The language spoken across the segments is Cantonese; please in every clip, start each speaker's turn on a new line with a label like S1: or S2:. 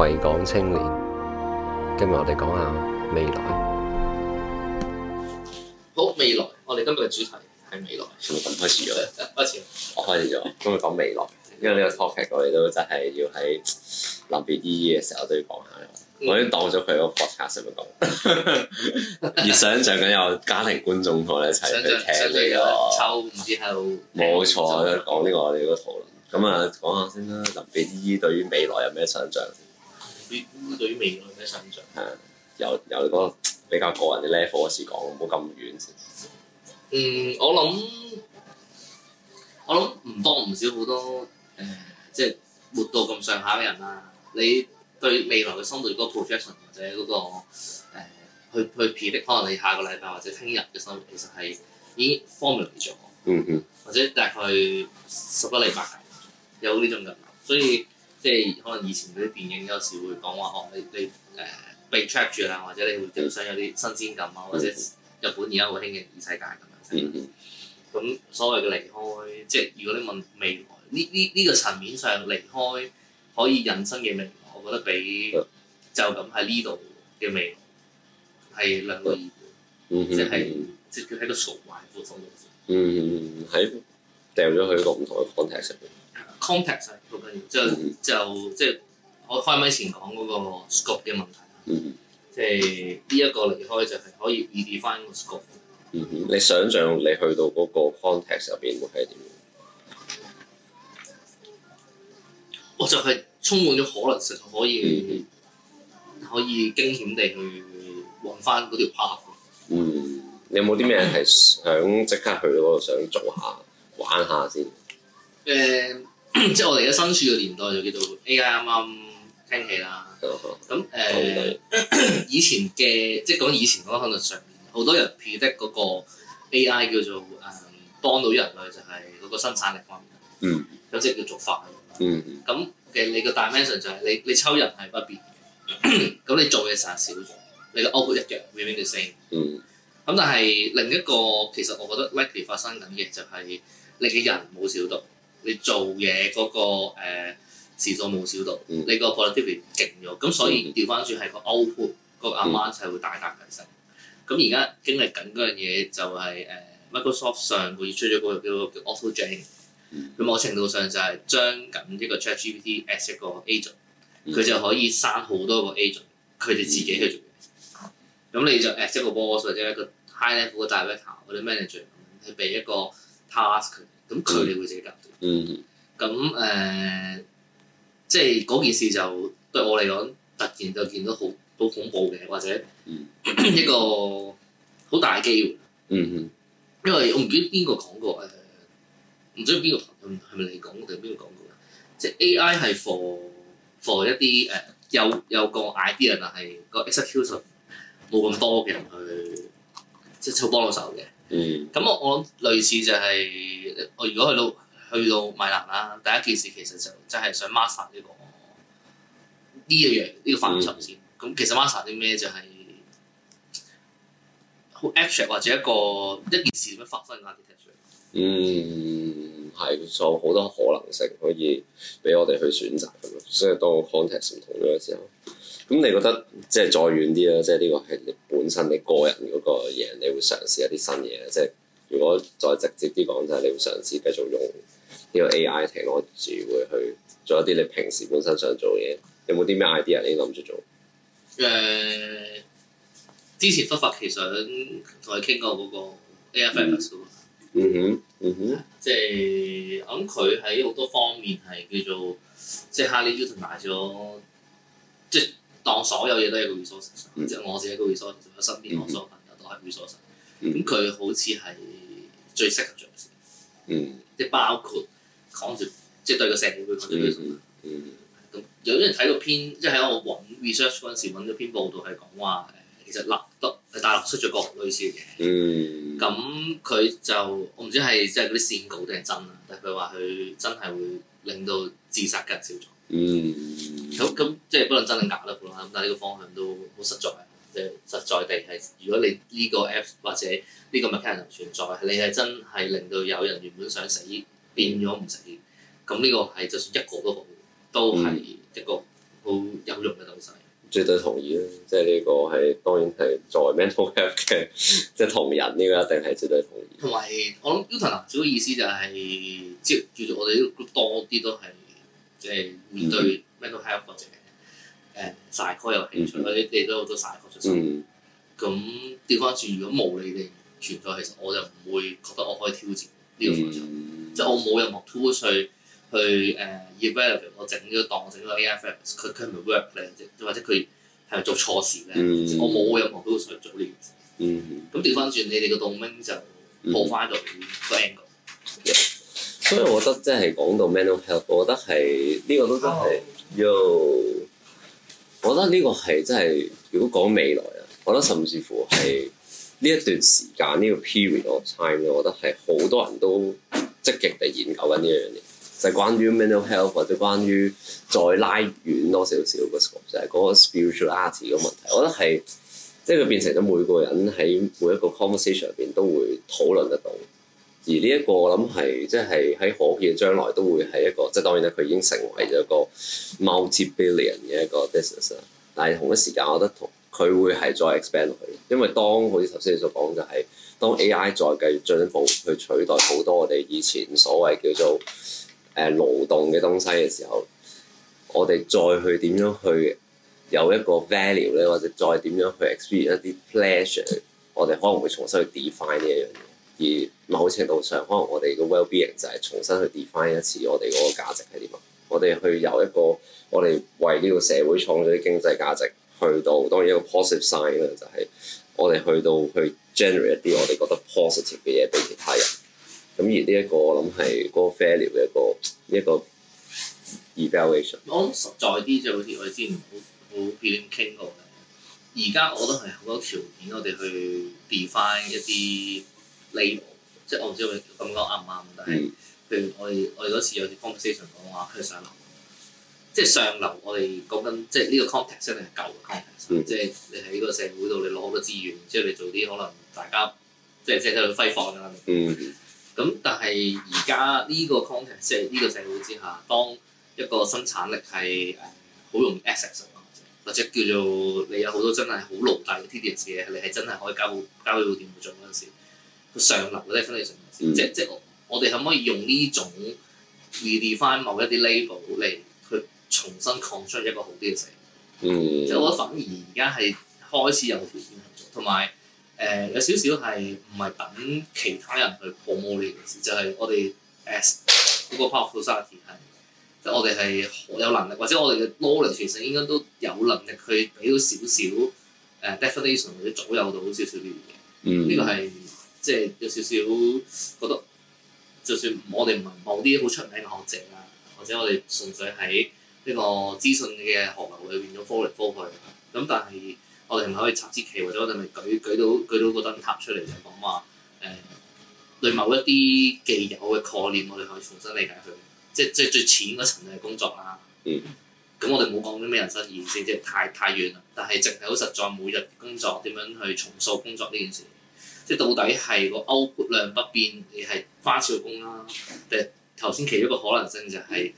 S1: 為港青年，今日我哋講下未來。好，未來我
S2: 哋今日嘅
S1: 主題係未來。全部咁開始咗了， 開始，我開始咗。今日講未來，因為呢個 topic 我哋都真係要喺臨別依依嘅時候都要講下。嗯、我已經當咗佢個博客上面講， 而想象緊有家庭觀眾同我哋一齊去聽呢、這個。抽唔
S2: 知後
S1: 冇錯，講呢個我哋個討論咁啊，講、嗯、下先啦。臨別依依對於未來有咩想象？
S2: 你對未來嘅想
S1: 像，係由由嗰個比較個人嘅 level 開始講，唔好咁遠。嗯，
S2: 我諗我諗唔多唔少好多誒，即係活到咁上下嘅人啦、啊。你對未來嘅生活嗰個 projection 或者嗰、那個、呃、去去 predict 可能你下個禮拜或者聽日嘅生活，其實係已經 formulate 咗。嗯哼，或者大概十個禮拜有呢種人，所以。即係可能以前嗰啲電影有時會講話，哦，你你誒、呃、被 trap 住啦，或者你會想有啲新鮮感啊，或者日本而家好興嘅異世界咁樣。咁所謂嘅離開，即係如果你問未來呢呢呢個層面上離開，可以人生嘅未來，我覺得比就咁喺呢度嘅未來係兩個意
S1: 思，即
S2: 係即係喺個熟懷抱度。嗯，
S1: 喺掉咗佢一個唔同嘅 context。
S2: context 好緊要，即 Cont、嗯、就即係我開咪前講嗰個 scope 嘅問題，即係呢一個離開就係可以 redefine 個 scope、嗯。
S1: 你想象你去到嗰個 context 入邊會係點？
S2: 我就係充滿咗可能性，可以、嗯、哼可以驚險地去揾翻嗰條 path 嗯，
S1: 你有冇啲咩係想即刻去嗰度想做下玩下先？誒、呃。
S2: 即係我哋喺身處嘅年代，就叫做 A.I. 啱啱興起啦。咁誒，以前嘅即係講以前嗰個可能上面，好多人 predict 嗰個 A.I. 叫做誒幫到人類，就係嗰個生產力方面。
S1: 嗯。
S2: 有隻叫做快。嗯嗯。咁嘅你個 dimension 就係你你抽人係不變咁， 你做嘢成日少咗，你嘅 output 一樣，remain the same。Hmm. 嗯。咁但係另一個其實我覺得、right、lucky 發生緊嘅就係，你嘅人冇少到。你做嘢嗰、那個誒時數冇少到，呃嗯、你個 productivity 勁咗，咁所以調翻轉係個 output 個 amount 係、嗯、會大大提升。咁而家經歷緊嗰樣嘢就係、是、誒、呃、Microsoft 上個月出咗個叫叫 AutoGen，咁、嗯、某程度上就係將緊呢個 ChatGPT as 一個 agent，佢、嗯、就可以生好多個 agent，佢哋自己去做嘢。咁你就 at 一個 boss 或者一個 high level 嘅 director 或者 manager 去俾一個 task。咁佢哋會自己搞掂。
S1: 嗯哼。
S2: 咁誒、呃，即係嗰件事就對我嚟講，突然就見到好好恐怖嘅，或者、嗯、哼一個好大嘅機會。嗯，因為我唔、呃、知邊個講過誒，唔知邊個係咪你講定邊個講過？即係 A.I. 係 for for 一啲誒、呃、有有個 idea，但係個 execution 冇咁多嘅人去即係幫到手嘅。嗯，咁我我諗類似就係、是、我如果去到去到米蘭啦，第一件事其實就即係想 master 呢個呢一樣呢個範疇先。咁其實 master 啲咩就係好 abstract 或者一個一件事點樣發生啊？啲 context 嗯，
S1: 係，就好、嗯、多可能性可以俾我哋去選擇，咁所以當 contact 唔同咗嘅時候。咁你覺得即係再遠啲啦，即係呢個係你本身你個人嗰個嘢，你會嘗試一啲新嘢。即係如果再直接啲講就係你會嘗試繼續用呢個 A I 平台，而會去做一啲你平時本身想做嘅嘢。有冇啲咩 idea 你經諗住做？誒、嗯，
S2: 之前忽發奇想同你傾過嗰個
S1: AI service 嗯哼，嗯哼。嗯哼嗯哼即
S2: 係我諗佢喺好多方面係叫做，即係哈利波特買咗，即係。當所有嘢都係一個 research，、嗯、即係我自己一個 research，、嗯、身邊我所有朋友都係 research，咁佢好似係最適合做嘅事，即係包括講住，即係對個社會會講住啲嘢。
S1: 咁
S2: 有啲人睇到篇，即係喺我揾 research 嗰陣時揾咗篇報道係講話，嗯嗯嗯、其實立德喺大陸出咗個類似嘅，咁佢、嗯
S1: 嗯
S2: 嗯、就我唔知係即係嗰啲線稿定係真啦，但係佢話佢真係會令到自殺率少咗。嗯嗯嗯咁咁即係，不能真係假啦，咁但係呢個方向都好實在，誒實在地係，如果你呢個 apps 或者呢個 market 存在，你係真係令到有人原本想死變咗唔死，咁呢個係就算一個都好，都係一個好有用嘅東西，嗯。
S1: 絕對同意啦，即係呢個係當然係作為 mental 嘅，即係同人呢個一定係絕對同意。
S2: 同埋我諗 Uton 啊，主要意思就係即係叫做我哋多啲都係即係面對。嗯咩都 health 個嘅，誒曬歌有興趣，你哋都好多曬歌出嚟。咁調翻轉，如果冇你哋存在，其實我就唔會覺得我可以挑戰呢個方向，即係我冇任何 tools 去去誒 evaluate 我整咗檔，整咗 a f p l 佢佢咪 work p l 或者佢係咪做錯事咧。
S1: 我冇任
S2: 何 tools 去做呢件事。咁調翻轉，你哋個 domain
S1: 就破 o 翻就 fail。所以我覺得即係講到 mental health，我覺得係呢個都真係。又，Yo，我覺得呢個係真係，如果講未來啊，我覺得甚至乎係呢一段時間呢、呢個 period of time，我覺得係好多人都積極地研究緊呢樣嘢，就係、是、關於 mental health 或者關於再拉遠多少少嘅 scope，就係、是、嗰個 spirituality 嘅問題，我覺得係即係佢變成咗每個人喺每一個 conversation 入邊都會討論得到。而呢一個我諗係即係喺可見嘅將來都會係一個，即係當然啦，佢已經成為咗個 multi-billion 嘅一個 business 啦。但係同一時間，我覺得佢會係再 expand 落去，因為當好似頭先你所講就係當 A.I. 再繼續進一步去取代好多我哋以前所謂叫做誒勞動嘅東西嘅時候，我哋再去點樣去有一個 value 咧，或者再點樣去 experience 一啲 pleasure，我哋可能會重新去 define 呢一樣嘢而。某程度上，可能我哋嘅 well-being 就係重新去 define 一次我哋個價值係點啊！我哋去由一個我哋為呢個社會創造啲經濟價值，去到當然一個 positive sign 咧就係、是、我哋去到去 generate 一啲我哋覺得 positive 嘅嘢俾其他人。咁而呢、這個、一個我諗係個 failure 嘅一個、e、一個 evaluation。我諗實在啲啫，好似我哋之前好好俾你傾過嘅。而家我都係好多條件，我哋去 define 一啲
S2: 利。即係我唔知我咁講啱唔啱，但係，譬如我哋我哋嗰次有啲 conversation 講話佢上流，即係上流我。我哋講緊即係呢個 context 真係舊嘅 context，、
S1: 嗯、即係
S2: 你喺個社會度你攞個資源，之後你做啲可能大家即係即刻去揮霍㗎。嗯，咁但係而家呢個 context，即係呢個社會之下，當一個生產力係誒好容易 access 咁，或者叫做你有好多真係好老大嘅 tedious 嘢，你係真係可以交交到部電腦做嗰陣時。上流嘅 definition，就是嗯、即即我我哋可唔可以用呢種 redefine 某一啲 label 嚟去重新 construct 擴張一個好啲嘅世界，即、嗯、我覺得反而而家係開始有條件去做，同埋誒有少少係唔係等其他人去 promote 呢件事，就係、是、我哋 as 嗰個 powerful society 係即、就是、我哋係好有能力，或者我哋嘅 knowledge 其實應該都有能力去俾到少少誒 definition 或者左右到少少呢樣嘢，呢、嗯、個係。即係有少少覺得，就算我哋唔係某啲好出名嘅學者啊，或者我哋純粹喺呢個資訊嘅學流裏邊咗科嚟科去，咁但係我哋係咪可以插支旗，或者我哋咪舉舉到舉到個燈塔出嚟，就講話誒，對某一啲既有嘅概念，我哋可以重新理解佢，即係即係最淺嗰層嘅工作啦。嗯。咁我哋冇講啲咩人生意義即係太太遠啦。但係淨係好實在，每日工作點樣去重塑工作呢件事。即係到底係個 output 量不變，你係花少工啦、啊。定頭先其中一個可能性就係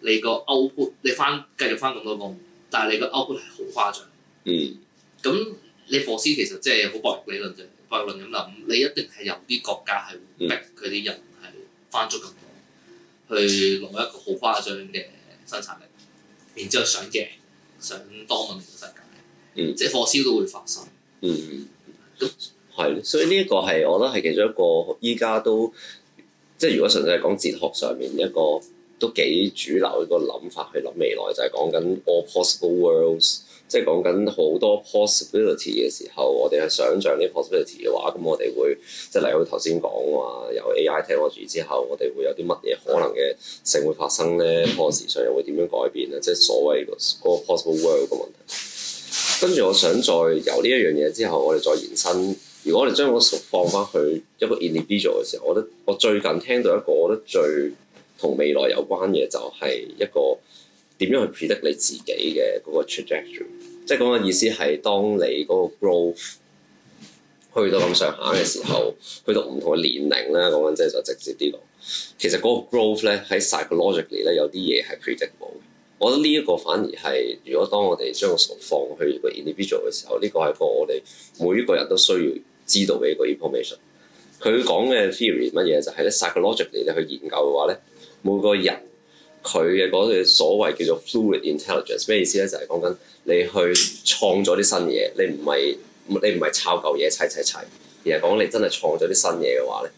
S2: 你個 output 你翻繼續翻咁多工，但係你個 output 係好誇張。嗯。咁你貨斯其實即係好博弈理論啫，博弈論咁諗，你一定係有啲國家係逼佢啲人係翻足咁多，去攞一個好誇張嘅生產力，然之後想贏，想多揾啲薪金。嗯。即
S1: 係貨斯都會發生。嗯。咁、嗯。嗯嗯嗯係，所以呢一個係我覺得係其中一個，依家都即係如果純粹係講哲學上面一個都幾主流嘅一個諗法去諗未來，就係講緊 all possible worlds，即係講緊好多 possibility 嘅時候，我哋係想象啲 possibility 嘅話，咁我哋會即係例如頭先講話由 AI 聽我住之後，我哋會有啲乜嘢可能嘅性會發生呢？個時尚又會點樣改變呢？即係所謂 all、嗰個嗰個、possible world 嘅問題。跟住我想再由呢一樣嘢之後，我哋再延伸。如果我哋將個術放翻去一個 individual 嘅時候，我覺得我最近聽到一個，我覺得最同未來有關嘅就係一個點樣去 predict 你自己嘅嗰個 trajectory。即係講緊意思係，當你嗰個 growth 去到咁上下嘅時候，去到唔同嘅年齡咧，講緊即係就直接啲講。其實嗰個 growth 咧，喺 psychologically 咧有啲嘢係 predictable。我覺得呢一個反而係，如果當我哋將個術放去一個 individual 嘅時候，呢個係個我哋每一個人都需要知道嘅一個 information，佢講嘅 theory 乜嘢就係咧 psychologically 咧去研究嘅話咧，每個人佢嘅嗰個所謂叫做 fluid intelligence 咩意思咧？就係講緊你去創咗啲新嘢，你唔係你唔係抄舊嘢，砌砌砌，而係講你真係創咗啲新嘢嘅話咧，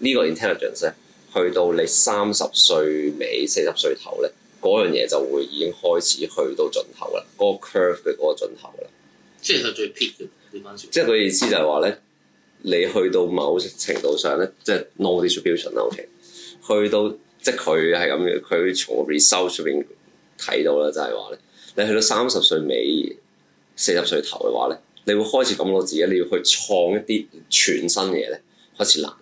S1: 呢個 intelligence 咧，去到你三十歲尾四十歲頭咧，嗰樣嘢就會已經開始去到盡頭啦，嗰個 curve 嘅嗰個盡頭啦。
S2: 即係佢最 peak 呢班小
S1: 朋友。即係佢意思就係話咧。你去到某程度上咧，即係 knowledge distribution 啦。OK，去到即係佢係咁樣，佢從 result 出邊睇到啦，就係話咧，你去到三十歲尾、四十歲頭嘅話咧，你會開始感覺自己你要去創一啲全新嘅嘢咧，開始難，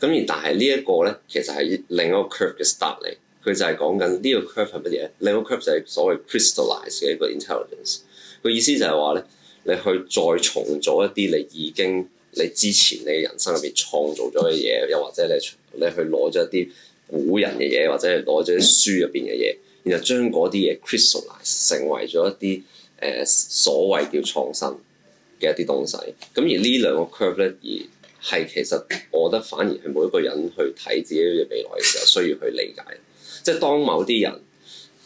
S1: 咁而但係呢一個咧，其實係另一個 curve 嘅 start 嚟，佢就係講緊呢個 curve 係乜嘢，另一個 curve 就係所謂 crystallize 嘅一個 intelligence。佢意思就係話咧，你去再重組一啲你已經。你之前你人生入邊創造咗嘅嘢，又或者你你去攞咗一啲古人嘅嘢，或者係攞咗啲書入邊嘅嘢，然後將嗰啲嘢 crystallize 成為咗一啲誒、呃、所謂叫創新嘅一啲東西。咁而呢兩個 curve 咧，而係其實我覺得反而係每一個人去睇自己嘅未來嘅時候，需要去理解。即係當某啲人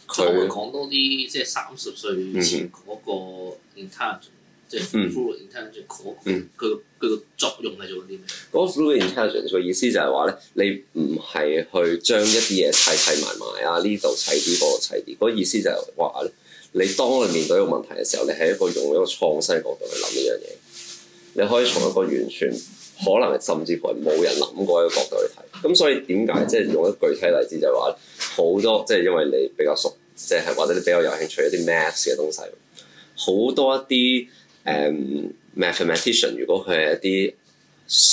S1: 佢會講
S2: 多啲，即係三十歲前嗰個即係 flowing intelligence 嗯，
S1: 佢佢個作用係做啲咩？嗰 flowing intelligence 嘅意思就係話咧，你唔係去將一啲嘢砌砌埋埋啊，呢度砌啲，嗰度砌啲。個意思就係話咧，你當你面對一個問題嘅時候，你係一個用一個創新角度去諗呢樣嘢。你可以從一個完全可能甚至乎係冇人諗過一個角度去睇。咁所以點解即係用一具體例子就係話咧，好多即係因為你比較熟，即係或者你比較有興趣一啲 math 嘅東西，好多一啲。誒、um，mathematician 如果佢係一啲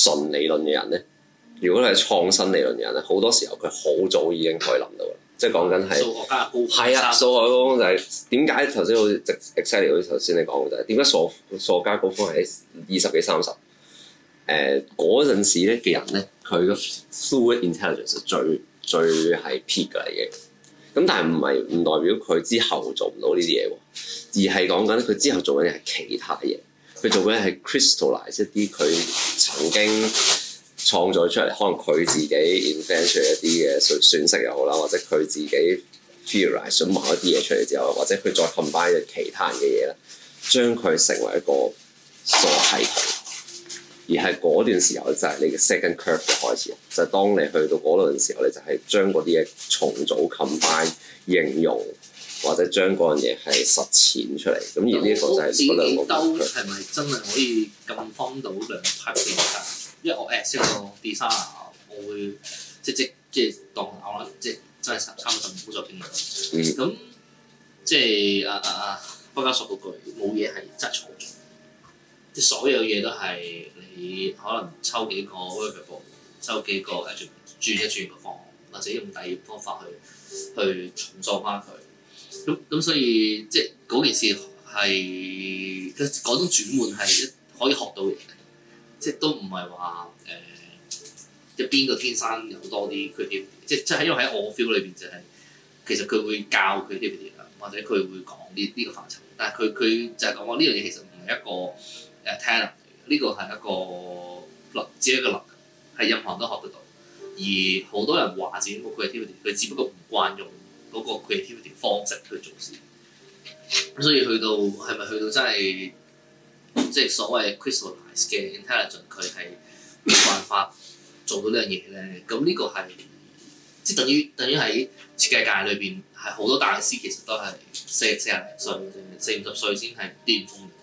S1: 純理論嘅人咧，如果佢係創新理論嘅人咧，好多時候佢好早已經可以諗到啦。即係講緊係數學家高，係啊，數學高就係點解頭先好似 exciting 好似頭先你講嘅就係點解數數學家高峰係二十幾三十、呃？誒，嗰陣時咧嘅人咧，佢嘅 fluid intelligence 最最係 peak 嚟嘅，已經。咁但係唔係唔代表佢之後做唔到呢啲嘢喎，而係講緊佢之後做緊嘢係其他嘢，佢做緊嘢係 crystallize 一啲佢曾經創造出嚟，可能佢自己 invent 出嚟一啲嘅損損失又好啦，或者佢自己 featurize 埋一啲嘢出嚟之後，或者佢再 combine 其他人嘅嘢咧，將佢成為一個鎖系統。而係嗰段時候就係你嘅 second curve 嘅開始啦。就係、當你去到嗰輪時候咧，你就係將嗰啲嘢重組、combine、形容，或者將嗰樣嘢係實踐出嚟。咁而呢一個就係嗰兩個 curve。
S2: 係咪真係可以咁方到兩拍變曬？因為我 at 識 design 啊，我會即即即係當我啦，即係真係參加咁好就變嗯，咁即係啊啊啊畢加索句：冇嘢係執錯。即所有嘢都係你可能抽幾個 research 部，抽幾個轉一轉轉一轉個方案，或者用第二個方法去去重塑翻佢。咁咁所以即係嗰件事係嘅嗰種轉換係一可以學到嘅嘢嚟，即係都唔係話誒即係邊個天生有多啲佢啲，即係即係因為喺我 feel 裏邊就係其實佢會教佢啲 ability 或者佢會講啲呢個範疇，但係佢佢就係講我呢樣嘢其實唔係一個。誒 talent 嚟嘅，呢個係一個能，只係一個能，係任何人都學得到。而好多人話自己冇 creativity，佢只不過唔慣用個個 creativity 方式去做事。咁所以去到係咪去到真係即係所謂 crystallise 嘅 intelligence，佢係冇辦法做到呢樣嘢咧？咁呢個係即係等於等於喺設計界裏邊係好多大師其實都係四四十零歲，四五十歲先係巔峯。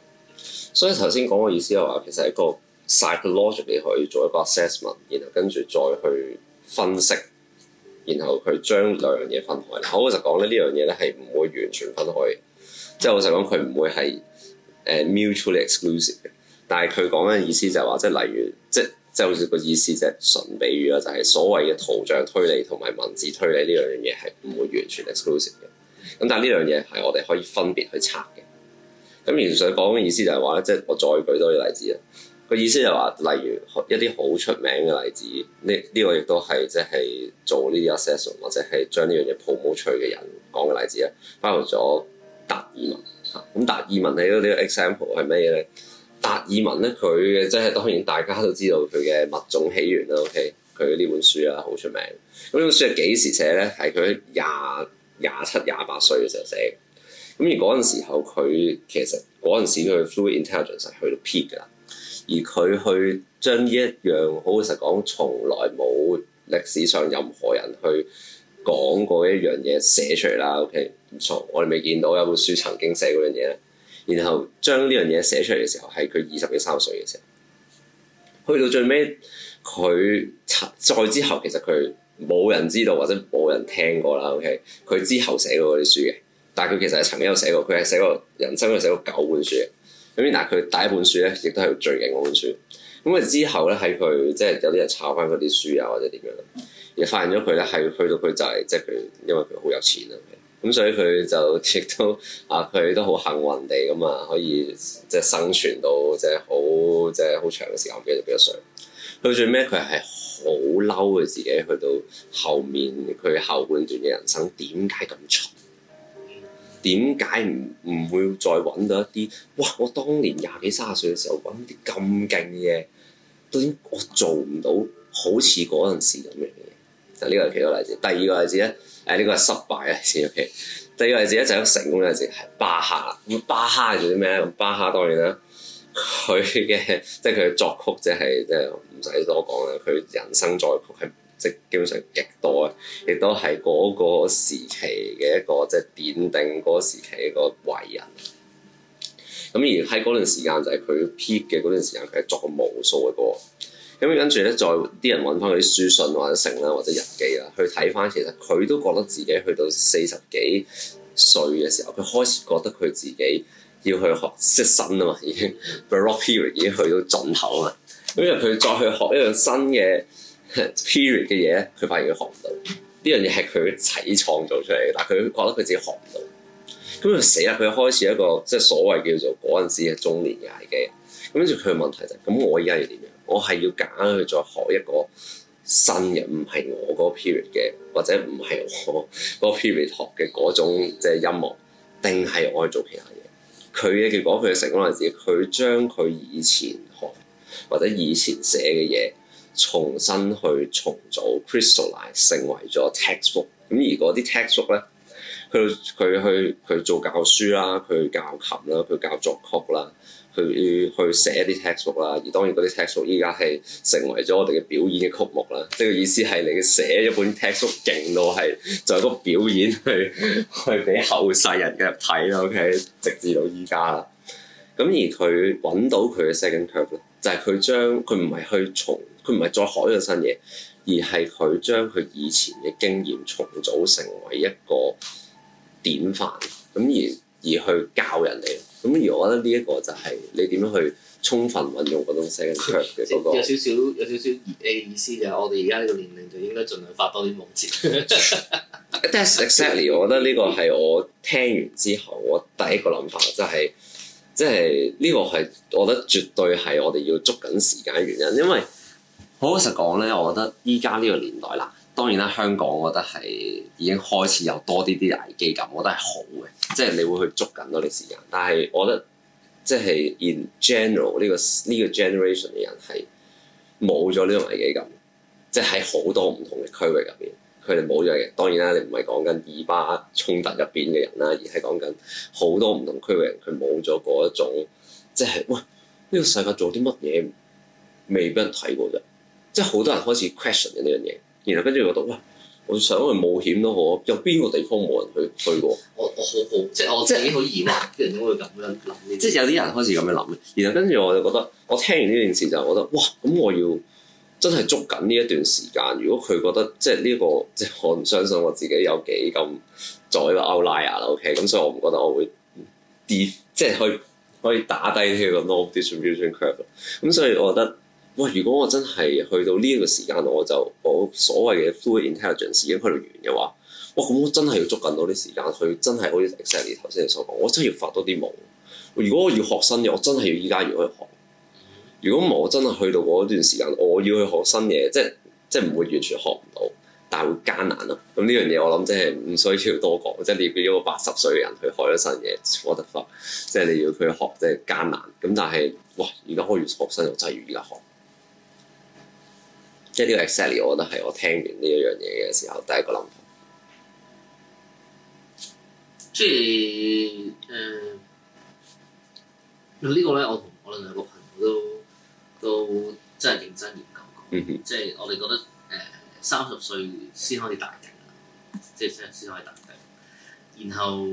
S1: 所以頭先講嘅意思係話，其實係一個 psychologically 可以做一個 assessment，然後跟住再去分析，然後佢將兩樣嘢分開。好，我老實講咧，呢樣嘢咧係唔會完全分開，即係我老實講佢唔會係誒 mutually exclusive 嘅。但係佢講嘅意思就係話，即係例如，即即係好似個意思就純比喻啦，就係所謂嘅圖像推理同埋文字推理呢兩樣嘢係唔會完全 exclusive 嘅。咁但係呢樣嘢係我哋可以分別去測嘅。咁原先講嘅意思就係話咧，即係我再舉多啲例子啊。佢意思就係話，例如一啲好出名嘅例子，呢呢個亦都係即係做呢啲 assessment 或者係將呢樣嘢 promote 冇出去嘅人講嘅例子啦，包括咗達爾文。咁達爾文喺呢個 example 係咩嘢咧？達爾文咧，佢即係當然大家都知道佢嘅物種起源啦。OK，佢呢本書啊好出名。咁呢本書係幾時寫咧？係佢廿廿七、廿八歲嘅時候寫。咁而嗰陣時候，佢其實嗰陣時佢 fluid intelligence 去到 peak 噶，而佢去將呢一樣好實講，從來冇歷史上任何人去講過一樣嘢寫出嚟啦。OK，唔錯，我哋未見到有本書曾經寫過樣嘢咧。然後將呢樣嘢寫出嚟嘅時候，係佢二十幾三十歲嘅時候。去到最尾，佢再之後，其實佢冇人知道或者冇人聽過啦。OK，佢之後寫過嗰啲書嘅，但佢其實係曾經有寫過，佢係寫過人生，佢寫過九本書嘅。咁但係佢第一本書咧，亦都係最勁嗰本書。咁佢之後咧，喺佢即係有啲人抄翻嗰啲書啊，或者點樣，而發現咗佢咧係去到佢就係、是、即係佢，因為佢好有錢啊。咁所以佢就亦都啊，佢都好幸運地咁啊，可以即係生存到即係好即係好長嘅時間，幾多幾多歲？到最尾佢係好嬲佢自己，去到後面佢後半段嘅人生點解咁蠢？點解唔唔會再揾到一啲哇？我當年廿幾卅歲嘅時候揾啲咁勁嘅嘢，到今我做唔到好，好似嗰陣時咁樣嘅嘢。就呢個係幾個例子。第二個例子咧，誒呢個係失敗嘅例子。O.K. 第二個例子咧就係一個成功嘅例子係巴，巴哈。咁巴哈係做啲咩？咁巴哈當然啦，佢嘅即係佢嘅作曲即係即係唔使多講啦。佢人生作曲係。即基本上極多啊，亦都係嗰個時期嘅一個即奠定嗰個時期嘅一個偉人。咁而喺嗰段時間就係佢 peak 嘅嗰段時間，佢係作過無數嘅歌。咁跟住咧，再啲人揾翻佢啲書信或者成啦，或者日記啊，去睇翻，其實佢都覺得自己去到四十幾歲嘅時候，佢開始覺得佢自己要去學識新啊嘛，已經 Baroque period 已經去到盡頭啊。咁因為佢再去學一樣新嘅。period 嘅嘢咧，佢發現佢學唔到，呢樣嘢係佢自己創造出嚟嘅，但係佢覺得佢自己學唔到，咁佢死啦！佢開始一個即係所謂叫做嗰陣時嘅中年嘅危機，咁跟住佢嘅問題就係，是，咁我依家要點樣？我係要揀去再學一個新嘅，唔係我嗰個 period 嘅，或者唔係我嗰個 period 學嘅嗰種即係音樂，定係我去做其他嘢？佢嘅結果，佢嘅成功例子，佢將佢以前學或者以前寫嘅嘢。重新去重組 crystallize 成為咗 textbook 咁，而嗰啲 textbook 咧，佢佢去佢做教書啦，佢教琴啦，佢教作曲啦，佢去寫啲 textbook 啦。Text book，而當然嗰啲 textbook 依家係成為咗我哋嘅表演嘅曲目啦。即係個意思係你寫一本 textbook 勁到係就係、一個表演去去俾後世人嘅睇啦。OK，直至到依家啦。咁而佢揾到佢嘅 second curve 咧，就係佢將佢唔係去重。佢唔係再學一個新嘢，而係佢將佢以前嘅經驗重組成為一個典範咁，而而去教人哋。咁而我覺得呢一個就係你點樣去充分運用嗰種，那個，second curve 嘅嗰個有少少有少
S2: 少有少少意思嘅。我哋而家呢個年齡就應該儘量發多啲夢字。
S1: That's exactly，我覺得呢個係我聽完之後我第一個諗法，就係即係呢個係我覺得絕對係我哋要捉緊時間嘅原因，因為。老實講咧，我覺得依家呢個年代啦，當然啦，香港我覺得係已經開始有多啲啲危機感，我覺得係好嘅，即係你會去捉緊多啲時間。但係我覺得即係、就是、in general 呢、這個呢、這個 generation 嘅人係冇咗呢個危機感，即係喺好多唔同嘅區域入邊，佢哋冇咗嘅。當然啦，你唔係講緊以巴衝突入邊嘅人啦，而係講緊好多唔同區域嘅人佢冇咗嗰一種，即、就、係、是、喂呢、這個世界做啲乜嘢未俾人睇過啫。即係好多人開始 question 緊呢樣嘢，然後跟住覺得喂，我想去冒險都好，有邊個地方冇人去去過？我我
S2: 好好，即係我即係已經好疑惑，啲人都會咁樣諗？即係有啲人
S1: 開始咁樣諗。然後跟住我就覺得，我聽完呢件事就覺得哇，咁我要真係捉緊呢一段時間。如果佢覺得即係、這、呢個即係我唔相信我自己有幾咁在個 outlier 啊，OK？咁、嗯、所以我唔覺得我會跌，即係可以可以打低呢個 distribution、no、curve。咁 cur、嗯、所以我覺得。哇！如果我真係去到呢一個時間，我就我所謂嘅 fluid intelligence 已經去完嘅話，哇！咁我真係要捉緊到啲時間，去真係好似 Alexey 頭先所講，我真係要發多啲夢。如果我要學新嘢，我真係要依家要去學。如果唔係，我真係去到嗰段時間，我要去學新嘢，即係即係唔會完全學唔到，但係會艱難咯。咁呢樣嘢我諗真係唔需要多講，即係你俾咗個八十歲嘅人去學咗新嘢，我得翻，即係你要佢學，即係艱難。咁但係，哇！而家開始學新嘢，我真係要依家學。即係、呃這個、呢個 exactly，我覺得係我聽完呢一樣嘢嘅時候第一個諗法。
S2: 即係誒，呢個咧，我同我兩個朋友都都真係認真研究
S1: 過。嗯、哼即係
S2: 我哋覺得誒，三十歲先可以大定，即係先先可以大定。然後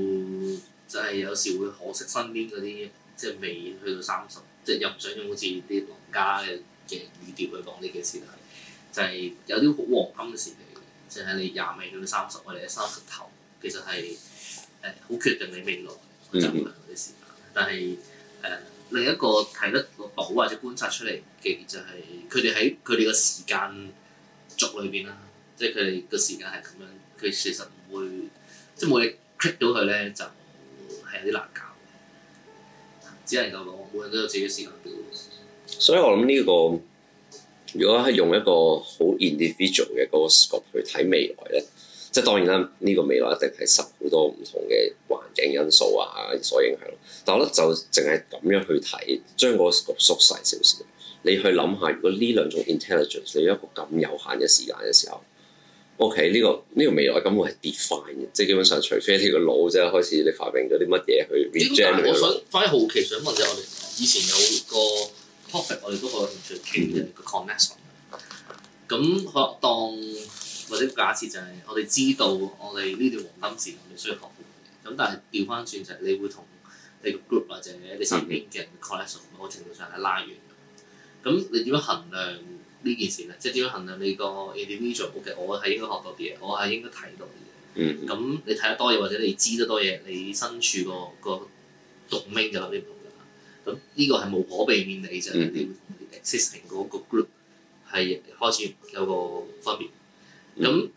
S2: 就係有時會可惜身邊嗰啲即係未去到三十，即係又唔想用好似啲老人家嘅嘅語調去講呢件事啦。就係有啲好黃金嘅時期，即、就、係、是、你廿尾到三十，我哋三十頭，其實係誒好決定你未來
S1: 質量嘅時間。
S2: 嗯、哼但係誒、呃、另一個睇得到或者觀察出嚟嘅就係佢哋喺佢哋嘅時間軸裏邊啦，即係佢哋嘅時間係咁樣，佢其實唔會即係冇你 click 到佢咧，就係、是、有啲難搞。只能夠講，每個人都有自己嘅時間表。
S1: 所以我諗呢、這個。如果係用一個好 individual 嘅嗰個 scope 去睇未來咧，即係當然啦，呢個未來一定係受好多唔同嘅環境因素啊，所影響。但我覺得就淨係咁樣去睇，將個 scope 縮細少少，你去諗下，如果呢兩種 intelligence 你有一個咁有限嘅時間嘅時候，OK 呢個呢個未來根本係 define 嘅，即係基本上除非你個腦即係開始你發明咗啲乜嘢去變。我想
S2: 翻一好奇，想問就係我哋以前有個。Perfect, 我哋都可以同佢傾嘅 connection、mm。咁、hmm. 學當或者假設就係我哋知道我哋呢段黃金時，我哋需要學嘅。咁但係調翻轉就係你會同你個 group 或者你身邊嘅人 connection，某程度上係拉遠，咁你點樣衡量呢件事咧？即係點樣衡量你個 individual 嘅？我係應該學到啲嘢，我係應該睇到啲嘢。咁、mm hmm. 你睇得多嘢，或者你知得多嘢，你身處、嗰個 domain 嘅係呢。呢個係無可避免，你就你會同 existing 嗰個 group 係開始有個分別。咁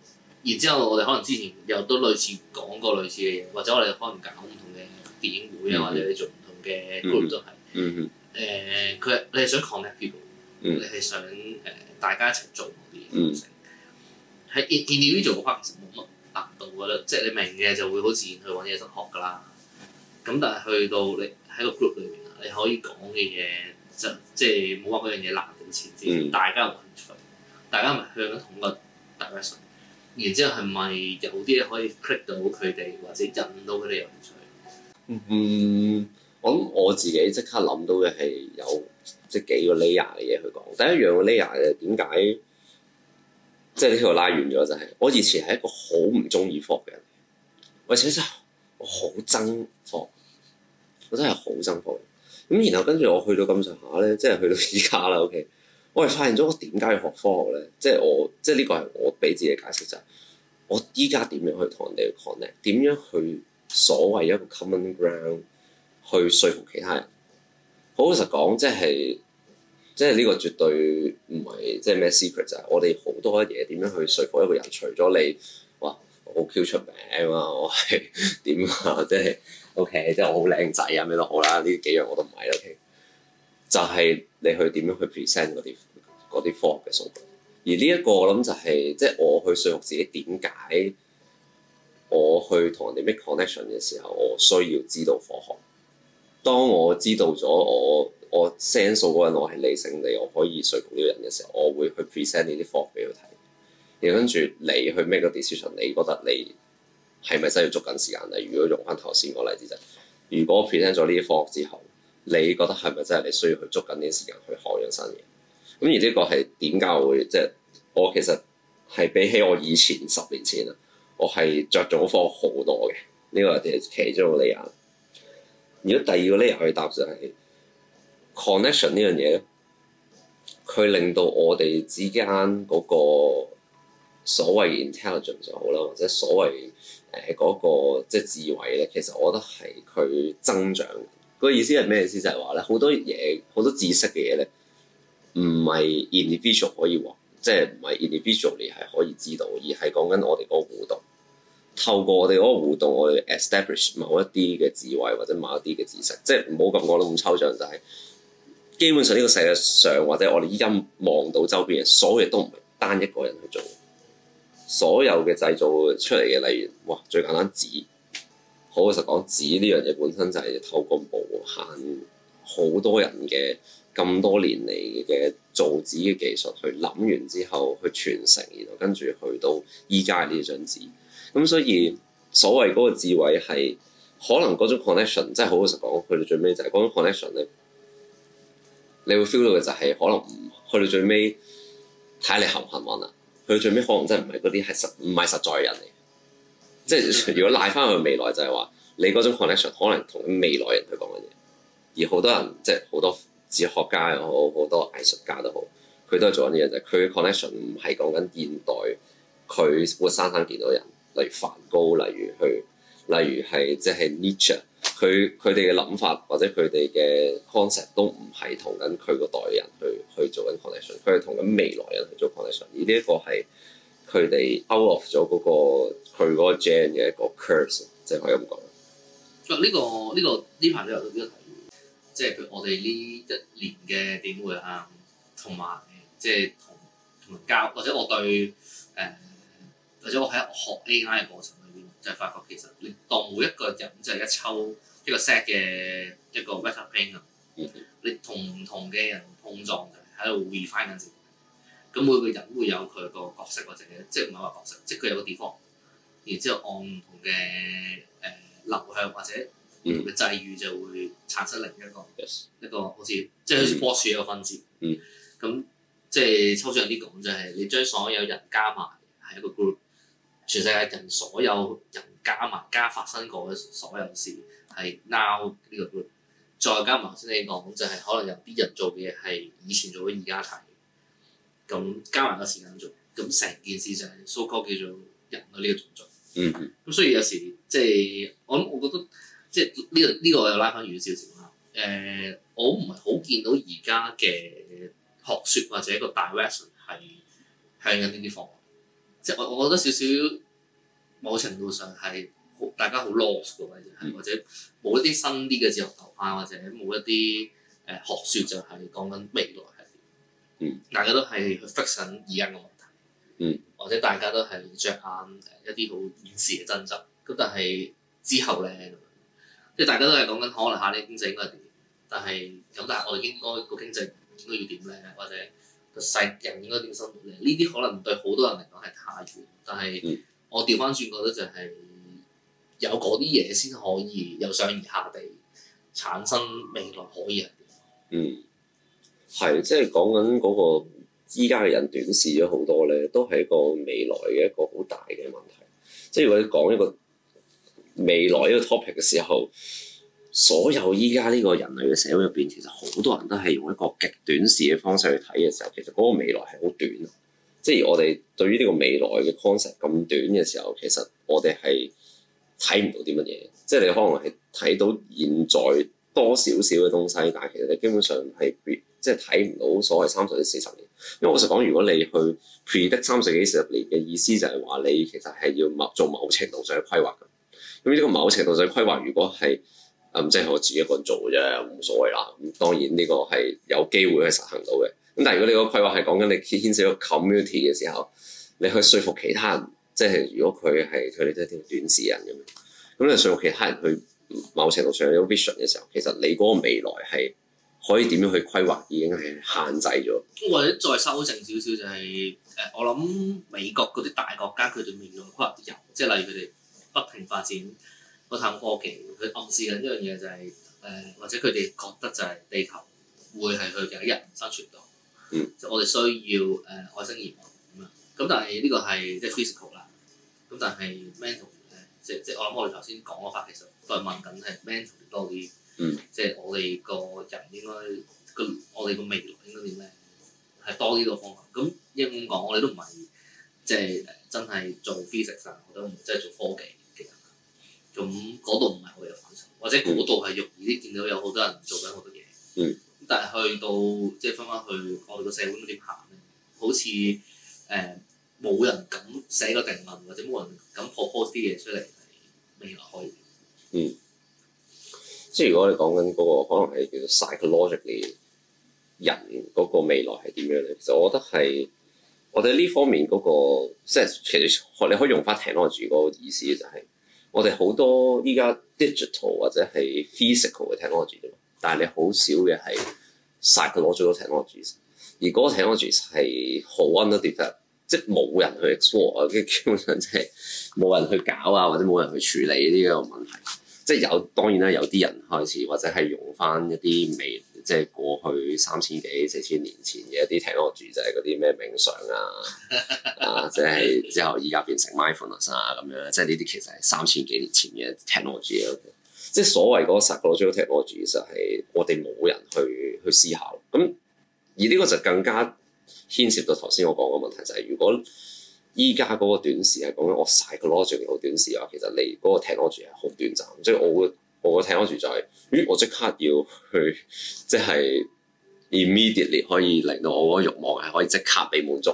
S2: 然之後，我哋可能之前又都類似講過類似嘅嘢，或者我哋可能搞唔同嘅電影會啊，或者你做唔同嘅 group 都係誒。佢你係想 connect people，你係想誒大家一齊做嗰啲嘢。喺 individual 嗰 part 其實冇乜難度，我覺得即係你明嘅就會好自然去揾嘢去學㗎啦。咁但係去到你喺個 group 裏面。你可以講嘅嘢，就即係冇話嗰樣嘢難定前置、嗯，大家有興趣，大家咪向同一個 direction 然之後係咪有啲嘢可以 click 到佢哋，或者引到佢哋有興趣？嗯，
S1: 我諗我自己刻即刻諗到嘅係有即幾個 layer 嘅嘢去講。第一樣嘅 layer 就點、是、解，即係呢條拉遠咗就係、是，我以前係一個好唔中意科嘅，人。喂，其實我好憎科，我, ork, 我真係好憎科。咁然後跟住我去到咁上下咧，即係去到依家啦。O.K. 我哋發現咗我點解要學科學咧？即係我即係呢個係我俾自己嘅解釋就係、是，我依家點樣去同人哋去 connect？點樣去所謂一個 common ground 去說服其他人？好老實講，即係即係呢個絕對唔係即係咩 secret 就係我哋好多嘢點樣去說服一個人，除咗你哇，O.K. 出名啊我係點啊？即係。O.K. 即係我好靚仔咁樣都好啦，呢幾樣我都唔係。O.K. 就係你去點樣去 present 嗰啲啲科學嘅數據。而呢一個我諗就係、是，即係我去說服自己點解我去同人哋 make connection 嘅時候，我需要知道科學。當我知道咗我我 send 數嗰陣，我係理性嘅，我可以說服呢個人嘅時候，我會去 present 你啲科學俾佢睇。然後跟住你去 make 個 decision，你覺得你？係咪真係要捉緊時間咧？如果用翻頭先個例子就係，如果 present 咗呢啲科學之後，你覺得係咪真係你需要去捉緊呢啲時間去學樣新嘢？咁而呢個係點解會即係、就係、我其實係比起我以前十年前啊，我係着咗科好多嘅呢個係其中一個理由。如果第二個理由去答就係 connection 呢樣嘢咧，佢令到我哋之間嗰個所謂 intelligence 就好啦，或者所謂。誒嗰、呃嗰個即係智慧咧，其實我覺得係佢增長，個意思係咩意思就係話咧，好多嘢，好多知識嘅嘢咧，唔係 individual 可以話，即係唔係 individually 係可以知道，而係講緊我哋個互動，透過我哋個互動，我哋 establish 某一啲嘅智慧或者某一啲嘅知識，即係唔好咁講得咁抽象，就係基本上呢個世界上或者我哋依家望到周邊嘅所有嘢都唔係單一個人去做。所有嘅製造出嚟嘅，例如，哇，最簡單紙，好老實講紙呢樣嘢本身就係透過無限好多人嘅咁多年嚟嘅造紙嘅技術去諗完之後去傳承，然後跟住去到依家呢張紙，咁所以所謂嗰個智慧係可能嗰種 connection 即係好老實講去到最尾就係、是、嗰種 connection 咧，你會 feel 到嘅就係、是、可能去到最尾睇下你幸唔幸運啊。佢最尾可能真係唔係嗰啲係實唔係實在人嚟，即係如果賴翻去未來就係、是、話，你嗰種 connection 可能同未來人去講緊嘢，而好多人即係好多哲學家又好，好多藝術家都好，佢都係做緊呢樣嘢，佢、就是、connection 唔係講緊現代，佢活生生見到人，例如梵高，例如去，例如係即係 Nietzsche。就是佢佢哋嘅諗法或者佢哋嘅 concept 都唔係同緊佢個代人去去做緊 condition 佢係同緊未來人去做 condition 而呢一個係佢哋 out of 咗個個佢嗰個 gen 嘅一個 curse，即係可以咁講。呢、這個呢、這
S2: 個呢排都有啲體會，即係我哋呢一年嘅點會啊，同埋即係同同教或者我對誒、呃、或者我喺學 AI 嘅過程。就係發覺其實你當每一個人就係、是、一抽一個 set 嘅一個 wetter paint 啊，你同唔同嘅人碰撞，就喺、是、度 refine 緊自己。咁每個人會有佢個角色或者，即係唔係話角色，即係佢有個地方，然之後按唔同嘅誒流向或者唔同嘅際遇就會產生另一個、mm. 一個好似即係好似 boss 嘅分節。咁、mm. 嗯、即係抽象啲講就係、是、你將所有人加埋係一個 group。全世界人所有人加埋加發生過嘅所有事，係 now 呢個 point 再加埋頭先你講就係、是、可能有啲人做嘅嘢係以前做咗而家睇，咁加埋個時間做，咁成件事就係 so called 叫做人啊呢個種族，
S1: 嗯、mm。
S2: 咁、hmm. 所以有時即係我諗，我覺得即係呢個呢、這個我又拉翻遠少少啦。誒、呃、我唔係好見到而家嘅學說或者一個 direction 係向緊呢啲方向。即係我我覺得少少某程度上係好大家好 lost 嘅位，就係或者冇一啲新啲嘅自由頭花，或者冇一啲誒、呃、學說就係、是、講緊未來係、嗯、大家都係去 fix 緊而家嘅問題，嗯、或者大家都係着眼一啲好現時嘅爭執，咁但係之後咧，即係大家都係講緊可能下啲經濟應該點，但係咁但係我哋應該個經濟應該要點咧，或者？個細人應該點生活咧？呢啲可能對好多人嚟講係太遠，但係我調翻轉覺得就係、是、有嗰啲嘢先可以由上而下地產生未來可以嘅。嗯，
S1: 係，即係講緊嗰個依家嘅人短視咗好多咧，都係一個未來嘅一個好大嘅問題。即係如果你講一個未來一個 topic 嘅時候。所有依家呢個人類嘅社會入邊，其實好多人都係用一個極短視嘅方式去睇嘅時候，其實嗰個未來係好短，即係我哋對於呢個未來嘅 concept 咁短嘅時候，其實我哋係睇唔到啲乜嘢。即係你可能係睇到現在多少少嘅東西，但係其實你基本上係即係睇唔到所謂三十幾四十年。因為我實講，如果你去 predict 三十幾四十年嘅意思就，就係話你其實係要某做某程度上嘅規劃咁。呢個某程度上嘅規劃，如果係咁、嗯、即係我自己一個人做啫，冇所謂啦。咁當然呢個係有機會去實行到嘅。咁但係如果你個規劃係講緊你牽涉到 community 嘅時候，你去説服其他人，即係如果佢係佢哋都係啲短視人咁樣，咁你説服其他人去某程度上有 vision 嘅時候，其實你嗰個未來係可以點樣去規劃已經係限制咗。
S2: 或者再修正少少，少就係、是、誒，我諗美國嗰啲大國家佢哋面向規劃有，即係例如佢哋不停發展。探科技，佢暗示緊一樣嘢就係、是、誒、呃，或者佢哋覺得就係地球會係佢嘅一日生存唔到，嗯、即係我哋需要誒、呃、外星移民咁啊。咁但係呢個係即係 physical 啦，咁但係 mental 誒，即即係我諗我哋頭先講嗰翻，其實都在問緊係 mental 多啲，即係、嗯、我哋個人應該，應該個我哋個未來應該點咧？係多呢個方向。咁應咁講，我哋都唔係即係真係做 physics 啊，我都唔即係做科技。咁嗰度唔係好有反省，或者嗰度係容易啲見到有好多人做緊好多嘢。嗯，但係、就是、去到即係翻返去我哋個社會嗰啲行咧，好似誒冇人敢寫個定論，或者冇人敢破開啲嘢出嚟，未來可以嗯，
S1: 即係如果你講緊、那、嗰個可能係叫做 psychologically 人嗰個未來係點樣咧？其實我覺得係我哋呢方面嗰、那個即係其實你可以用翻 technology 嗰個意思就係、是。我哋好多依家 digital 或者係 physical 嘅 technology，但係你好少嘅係殺佢攞咗好多 technologies 而個 technologies 係好 under 即係冇人去 explore 啊，跟基本上即係冇人去搞啊，或者冇人去處理呢個問題，即係有當然啦，有啲人開始或者係用翻一啲未。即係過去三千幾四千年前嘅一啲 technology 就係嗰啲咩冥想啊， 啊即係之後而家變成 mindfulness 啊咁樣，即係呢啲其實係三千幾年前嘅 technology 即係所謂嗰個 psychological 嘅 technology，其實係我哋冇人去去思考。咁而呢個就更加牽涉到頭先我講嘅問題，就係、是、如果依家嗰個短視係講緊我 psychological 好短視啊，其實你嗰個 technology 係好短暫，即係我會。我個睇我住就係、是，咦！我即刻要去，即係 immediately 可以令到我嗰個慾望係可以即刻被滿足。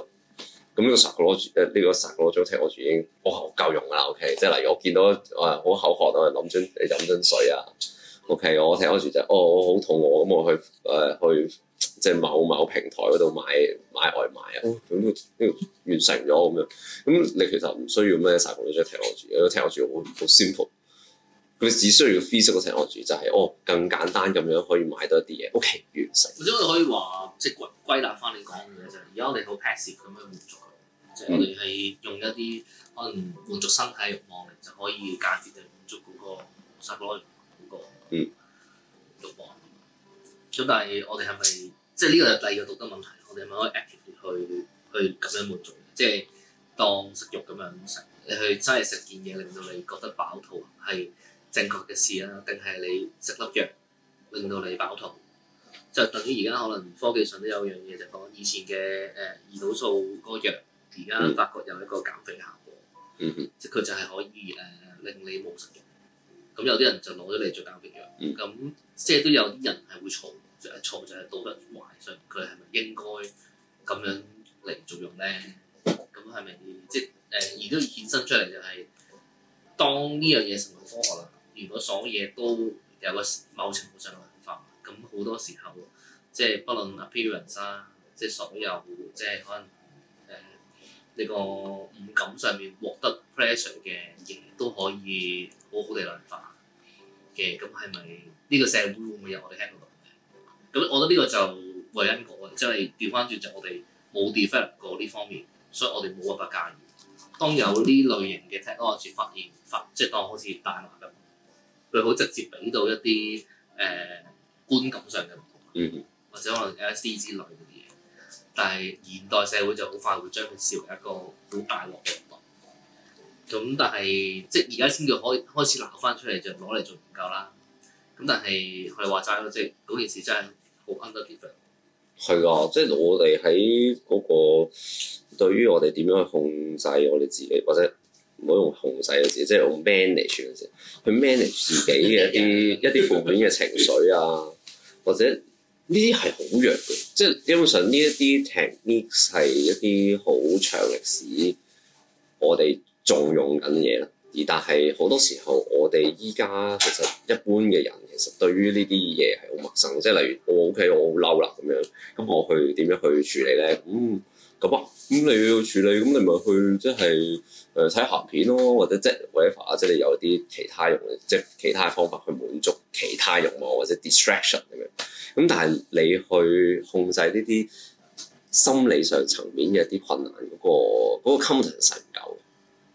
S1: 咁呢個十個攞住，誒呢個十個攞住睇我住已經，哇、哦！夠用啦，OK。即係例如我見到誒好、呃、口渴啊，諗住飲樽水啊，OK。我睇我住就是，哦，我好肚餓，咁、嗯、我去誒、呃、去即係某某平台嗰度買買外賣啊，咁呢個完成咗咁樣。咁你其實唔需要咩十個攞住睇我住，因為睇我住好好舒服。佢只需要 free 出嗰成個就係、是、哦，更簡單咁樣可以買多啲嘢，OK 完成。或者我哋可以、就
S2: 是、話，即係歸歸納翻你講嘅嘢就係、是，而、就、家、是、我哋好 passive 咁樣滿足佢，即係我哋係用一啲可能滿足身體欲望嘅就是、可以簡便地滿足嗰個食嗰個慾望。咁 但係我哋係咪即係呢個係第二個道德問題？我哋係咪可以 active 去去咁樣滿足？即、就、係、是、當食肉咁樣食，你去真係食件嘢令到你覺得飽肚係？正確嘅事啦，定係你食粒藥令到你飽肚，就等於而家可能科技上都有樣嘢，就講以前嘅誒胰島素個藥，而家發覺有一個減肥效果，嗯、哼即係佢就係可以誒、呃、令你冇食嘢。咁、嗯嗯、有啲人就攞咗嚟做減肥藥，咁、嗯、即係都有啲人係會嘈，就係嘈就係道德壞，所以佢係咪應該咁樣嚟做用咧？咁係咪即係誒、呃、而都衍生出嚟就係、是、當呢樣嘢成為科學啦？如果所有嘢都有個某程度上嘅量化，咁好多時候即係不論 appearance 啦，即係所有，即係可能誒呢、呃這個五感上面獲得 pressure 嘅嘢都可以好好哋量化嘅。咁係咪呢個社會會唔會有我哋聽到嘅？咁我覺得呢個就為因果，即係調翻轉就我哋冇 develop 過呢方面，所以我哋冇辦法介意。當有呢類型嘅 technology 發現發，即係當好似大麻咁。佢好直接俾到一啲誒、呃、觀感上嘅唔同，嗯、哼或者可能啲 c 之類啲嘢。但係現代社會就好快會將佢視為一個好大鑊嘅嘢。咁但係即係而家先叫開開始鬧翻出嚟，就攞嚟做研究啦。咁但係佢哋話齋咯，即係嗰件事真係好 u n d e r s t
S1: 即係我哋喺嗰個對於我哋點樣去控制我哋自己或者。唔好用控制嘅字，即係用 manage 嘅字去 manage 自己嘅一啲 一啲負面嘅情緒啊，或者呢啲係好弱嘅，即係基本上呢一啲 techniques 係一啲好長歷史我哋仲用緊嘢啦，而但係好多時候我哋依家其實一般嘅人。對於呢啲嘢係好陌生，即係例如我屋企我好嬲啦咁樣，咁我去點樣去處理咧？咁咁啊，咁你要處理，咁你咪去即係誒睇鹹片咯，或者即係或者即係你有啲其他用，即係其他方法去滿足其他慾望或者 distraction 咁樣。咁但係你去控制呢啲心理上層面嘅啲困難嗰個嗰個 content 唔夠，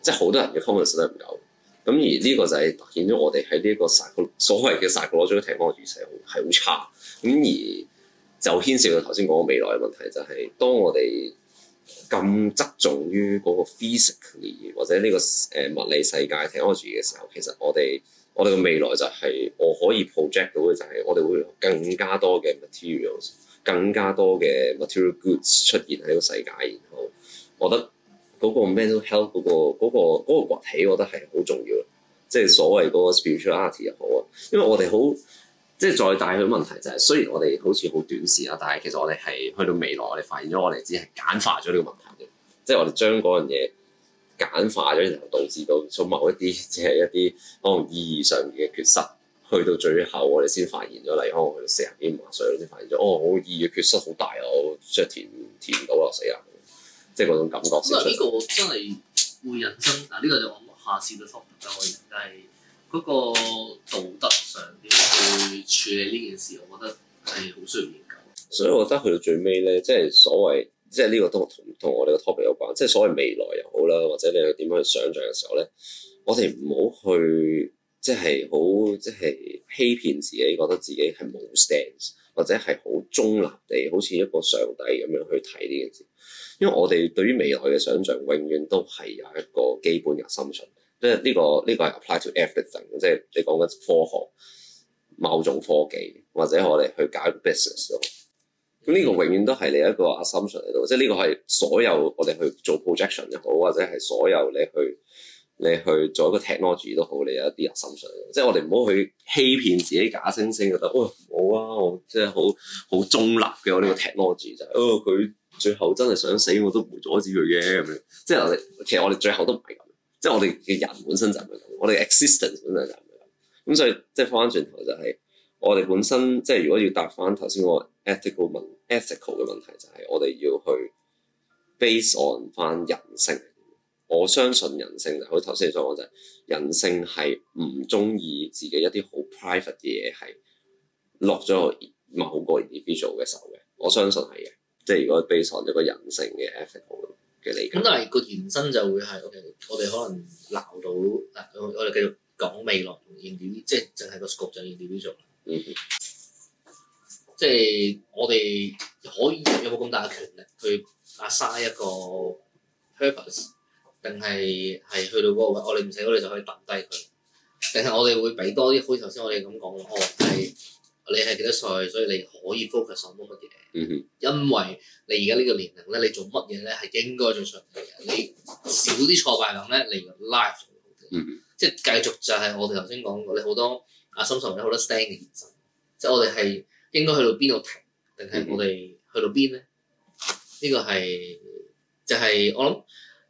S1: 即係好多人嘅 content 都係唔夠。咁而呢個就係突顯咗我哋喺呢個個曬所謂嘅曬個攞咗嘅 technology 使用係好差，咁而就牽涉到頭先講嘅未來嘅問題，就係、是，當我哋咁側重於個 physically 或者呢個誒物理世界 technology 嘅時候，其實我哋我哋嘅未來就係我可以 project 到嘅就係我哋會更加多嘅 materials，更加多嘅 material goods 出現喺呢個世界，然後我覺得。嗰個 mental health 嗰、嗰個嗰、嗰個嗰崛起，嗰個、我覺得係好重要，即係所謂嗰個 spirituality 又好啊。因為我哋好即係再大咗問題就係、是，雖然我哋好似好短視啊，但係其實我哋係去到未來，我哋發現咗我哋只係簡化咗呢個問題嘅。即係我哋將嗰樣嘢簡化咗，然後導致到某一啲即係一啲可能意義上面嘅缺失，去到最後我哋先發現咗例如可能去到四十幾五,五十歲先發現咗，哦，我意義嘅缺失好大我即係填填唔到啊，死啦！即係嗰種感覺。呢個真係會引申
S2: 嗱，呢、這個就我下次去覆核啦。我係嗰、那個道德上點去處理呢件事，我覺得係好需要研
S1: 究。所以我覺得去到最尾咧，即係所謂即係呢個都同同我哋個 topic 有關。即係所謂未來又好啦，或者你點樣去想像嘅時候咧，我哋唔好去即係好即係欺騙自己，覺得自己係冇 stance 或者係好中立地，好似一個上帝咁樣去睇呢件事，因為我哋對於未來嘅想像，永遠都係有一個基本嘅 assumption，即係呢個呢個係 apply to everything，即係你講緊科學、某種科技，或者我哋去搞一個 business 囉。咁呢個永遠都係你一個 assumption 喺度，嗯、即係呢個係所有我哋去做 projection 又好，或者係所有你去。你去做一個 technology 都好，你有一啲人心想，即係我哋唔好去欺騙自己，假惺惺覺得，哦，好啊，我即係好好中立嘅我呢個 technology 就係、是，哦，佢最後真係想死我都唔會阻止佢嘅咁樣，即係我哋其實我哋最後都唔係咁，即係我哋嘅人本身就唔係咁，我哋 existence 本身就唔係咁，咁所以即係放翻轉頭就係、是、我哋本身，即係如果要答翻頭先個 ethical 問 ethical 問 ethical 嘅問題、就是，就係我哋要去 base on 翻人性。我相信人性就，好似頭先你講嗰陣，人性係唔中意自己一啲好 private 嘅嘢係落咗某個 individual 嘅手嘅。我相信係嘅，即係如果 base on 一個人性嘅 ethical 嘅理
S2: 解。咁但係個延伸就會係，okay，我哋可能鬧到啊！我哋繼續講未來 individual，即係淨係個 scope 就 individual、嗯、哼即係我哋可以有冇咁大嘅權力去啊嘥一個 purpose 定係係去到嗰個位，我哋唔使，我哋就可以揼低佢。定係我哋會俾多啲，好似頭先我哋咁講喎。哦，係你係幾多歲，所以你可以 focus on 多乜嘢？因為你而家呢個年齡咧，你做乜嘢咧係應該最順利嘅。你少啲挫敗感咧，你 live 仲即係繼續就係我哋頭先講過，你好多阿心崇有好多 stand 嘅練習，即係我哋係應該去到邊度停？定係我哋去到邊咧？呢、呢個係就係、係、我諗。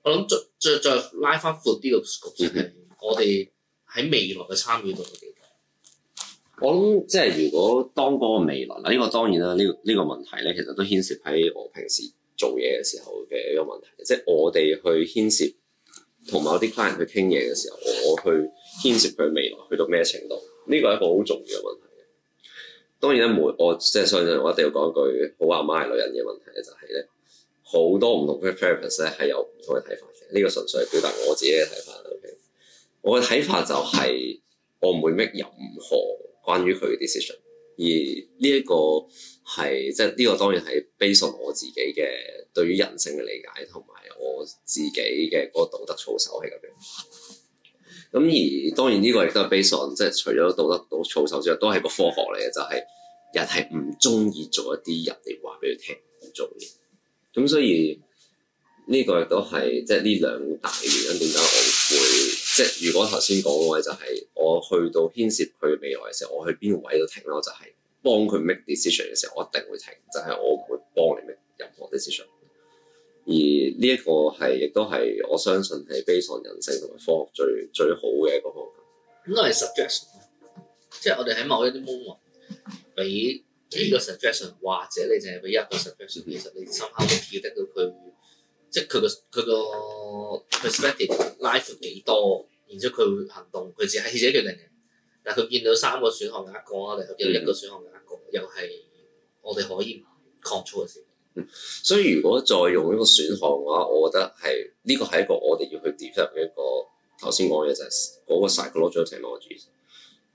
S2: 我諗再再再拉翻闊啲個角度，我哋喺未來嘅參與度有幾多？
S1: 我諗即係如果當嗰個未來嗱，呢個當然啦，呢個呢個問題咧，其實都牽涉喺我平時做嘢嘅時候嘅一個問題。即係我哋去牽涉同某啲客人去傾嘢嘅時候，我去牽涉佢未來去到咩程度？呢個係一個好重要嘅問題。當然啦，我即係相信我一定要講一句好阿媽係女人嘅問題咧，就係咧。好多唔同嘅 preference 咧，係有唔同嘅睇法嘅。呢個純粹係表達我自己嘅睇法。OK，我嘅睇法就係我唔會 make 任何關於佢嘅 decision。而呢一個係即係呢個當然係 based on 我自己嘅對於人性嘅理解，同埋我自己嘅嗰個道德操守係咁樣。咁 而當然呢個亦都係 based on 即係除咗道德到操守之外，都係個科學嚟嘅，就係人係唔中意做一啲人哋話俾佢聽唔做嘅。咁所以呢個亦都係即係呢兩大原因，點解我會即係，如果頭先講嘅話就係我去到牽涉佢未來嘅時候，我去邊個位度停咯？就係幫佢 make decision 嘅時候，我一定會停，就係我唔會幫你 make 任何 decision。而呢一個係亦都係我相信係 base on 人性同埋科學最最好嘅一個方法。咁都係
S2: suggestion，即係我哋喺某一啲 moment，比。呢個 suggestion，或者你淨係俾一個 suggestion，其實你 somehow 得到佢，即係佢個佢個 perspective life 幾多，然之後佢會行動，佢自係自己決定嘅。但係佢見到三個選項一個啊，定係見到一個選項一個，嗯、又係我哋可以 control 嘅先。嗯，
S1: 所以如果再用一個選項嘅話，我覺得係呢、這個係一個我哋要去 develop 嘅一個頭先我嘅就係嗰個 psychological technologies。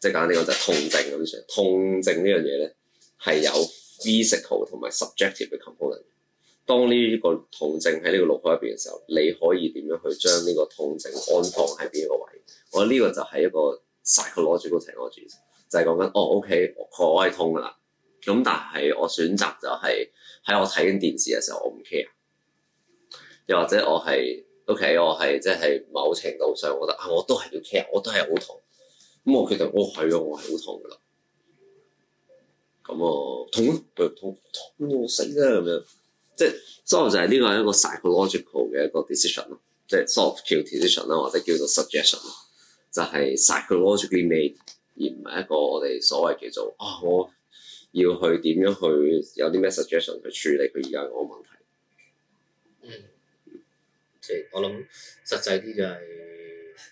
S1: 即係簡單啲講，就係痛症咁樣。痛症呢樣嘢咧係有 physical 同埋 subjective 嘅 component。當呢個痛症喺呢個腦海入邊嘅時候，你可以點樣去將呢個痛症安放喺邊一個位？我呢個就係一個殺佢攞最高獎攞住，就係講緊哦，OK，我可以痛噶啦。咁但係我選擇就係喺我睇緊電視嘅時候，我唔 care。又或者我係 OK，我係即係某程度上，我覺得啊，我都係要 care，我都係好痛。咁、嗯、我其定，我係啊，我係好痛噶啦。咁、嗯、啊、嗯，痛啊，痛痛，痛到死啦咁樣。即係，所以就係呢個係一個 psychological 嘅一個 decision 咯，即係 soft call decision 啦，或者叫做 suggestion 就係 psychologically made，而唔係一個我哋所謂叫做啊，我要去點樣去有啲咩 suggestion 去處理佢而家個問題。嗯。即係我諗實際啲就
S2: 係、是。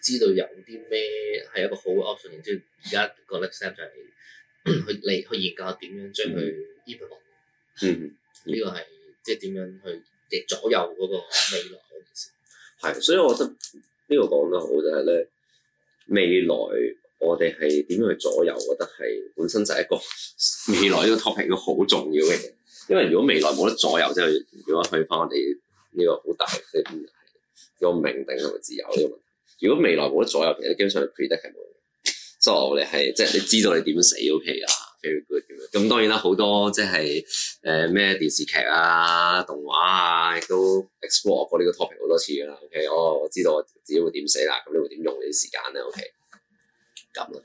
S2: 知道有啲咩係一個好嘅 option，即係而家個 next step 上面去嚟去研究點樣將佢 implement 嗯，呢、嗯、
S1: 個係
S2: 即係點樣去即係左右嗰個未來件
S1: 事。係，所以我覺得呢、這個講得好就係、是、咧未來我哋係點樣去左右？我覺得係本身就係一個 未來呢個 topic 都好重要嘅嘢，因為如果未來冇得左右，即係如果去翻我哋呢個好大即係、就是這個命定同埋自由呢、這個問題。如果未來冇得左右，其實基本上 predict 係冇嘅。所以我哋係即係你知道你點死 OK 啊，very good 咁樣。咁當然啦，好多即係誒咩電視劇啊、動畫啊，亦都 explore 過呢個 topic 好多次㗎啦。OK，我我知道我自己會點死啦，咁你會點用你啲時間咧？OK，咁啦。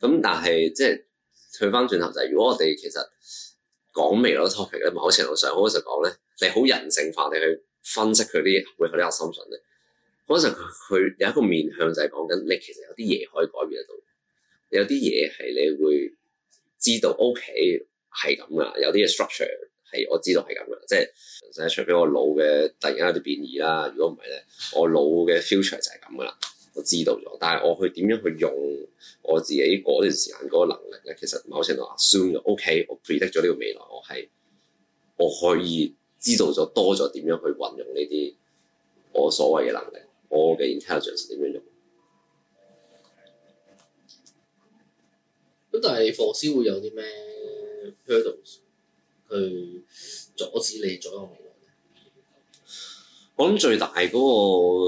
S1: 咁但係即係退翻轉頭就係、是，如果我哋其實講未來嘅 topic 咧，某程度上好老實講咧，你好人性化地去分析佢啲會係啲 assumption 咧。嗰陣佢有一個面向就係講緊你其實有啲嘢可以改變得到，有啲嘢係你會知道。OK 係咁噶，有啲嘢 structure 係我知道係咁噶，即係成日出俾我腦嘅突然間有啲變異啦。如果唔係咧，我腦嘅 future 就係咁噶啦。我知道咗，但係我去點樣去用我自己嗰段時間嗰個能力咧？其實某程度話 soon OK，我 predict 咗呢個未來我係我可以知道咗多咗點樣去運用呢啲我所謂嘅能力。我嘅 intelligence 點樣用？
S2: 咁但係，老師會有啲咩 hurdles 去阻止你左右未來咧？我
S1: 諗最大嗰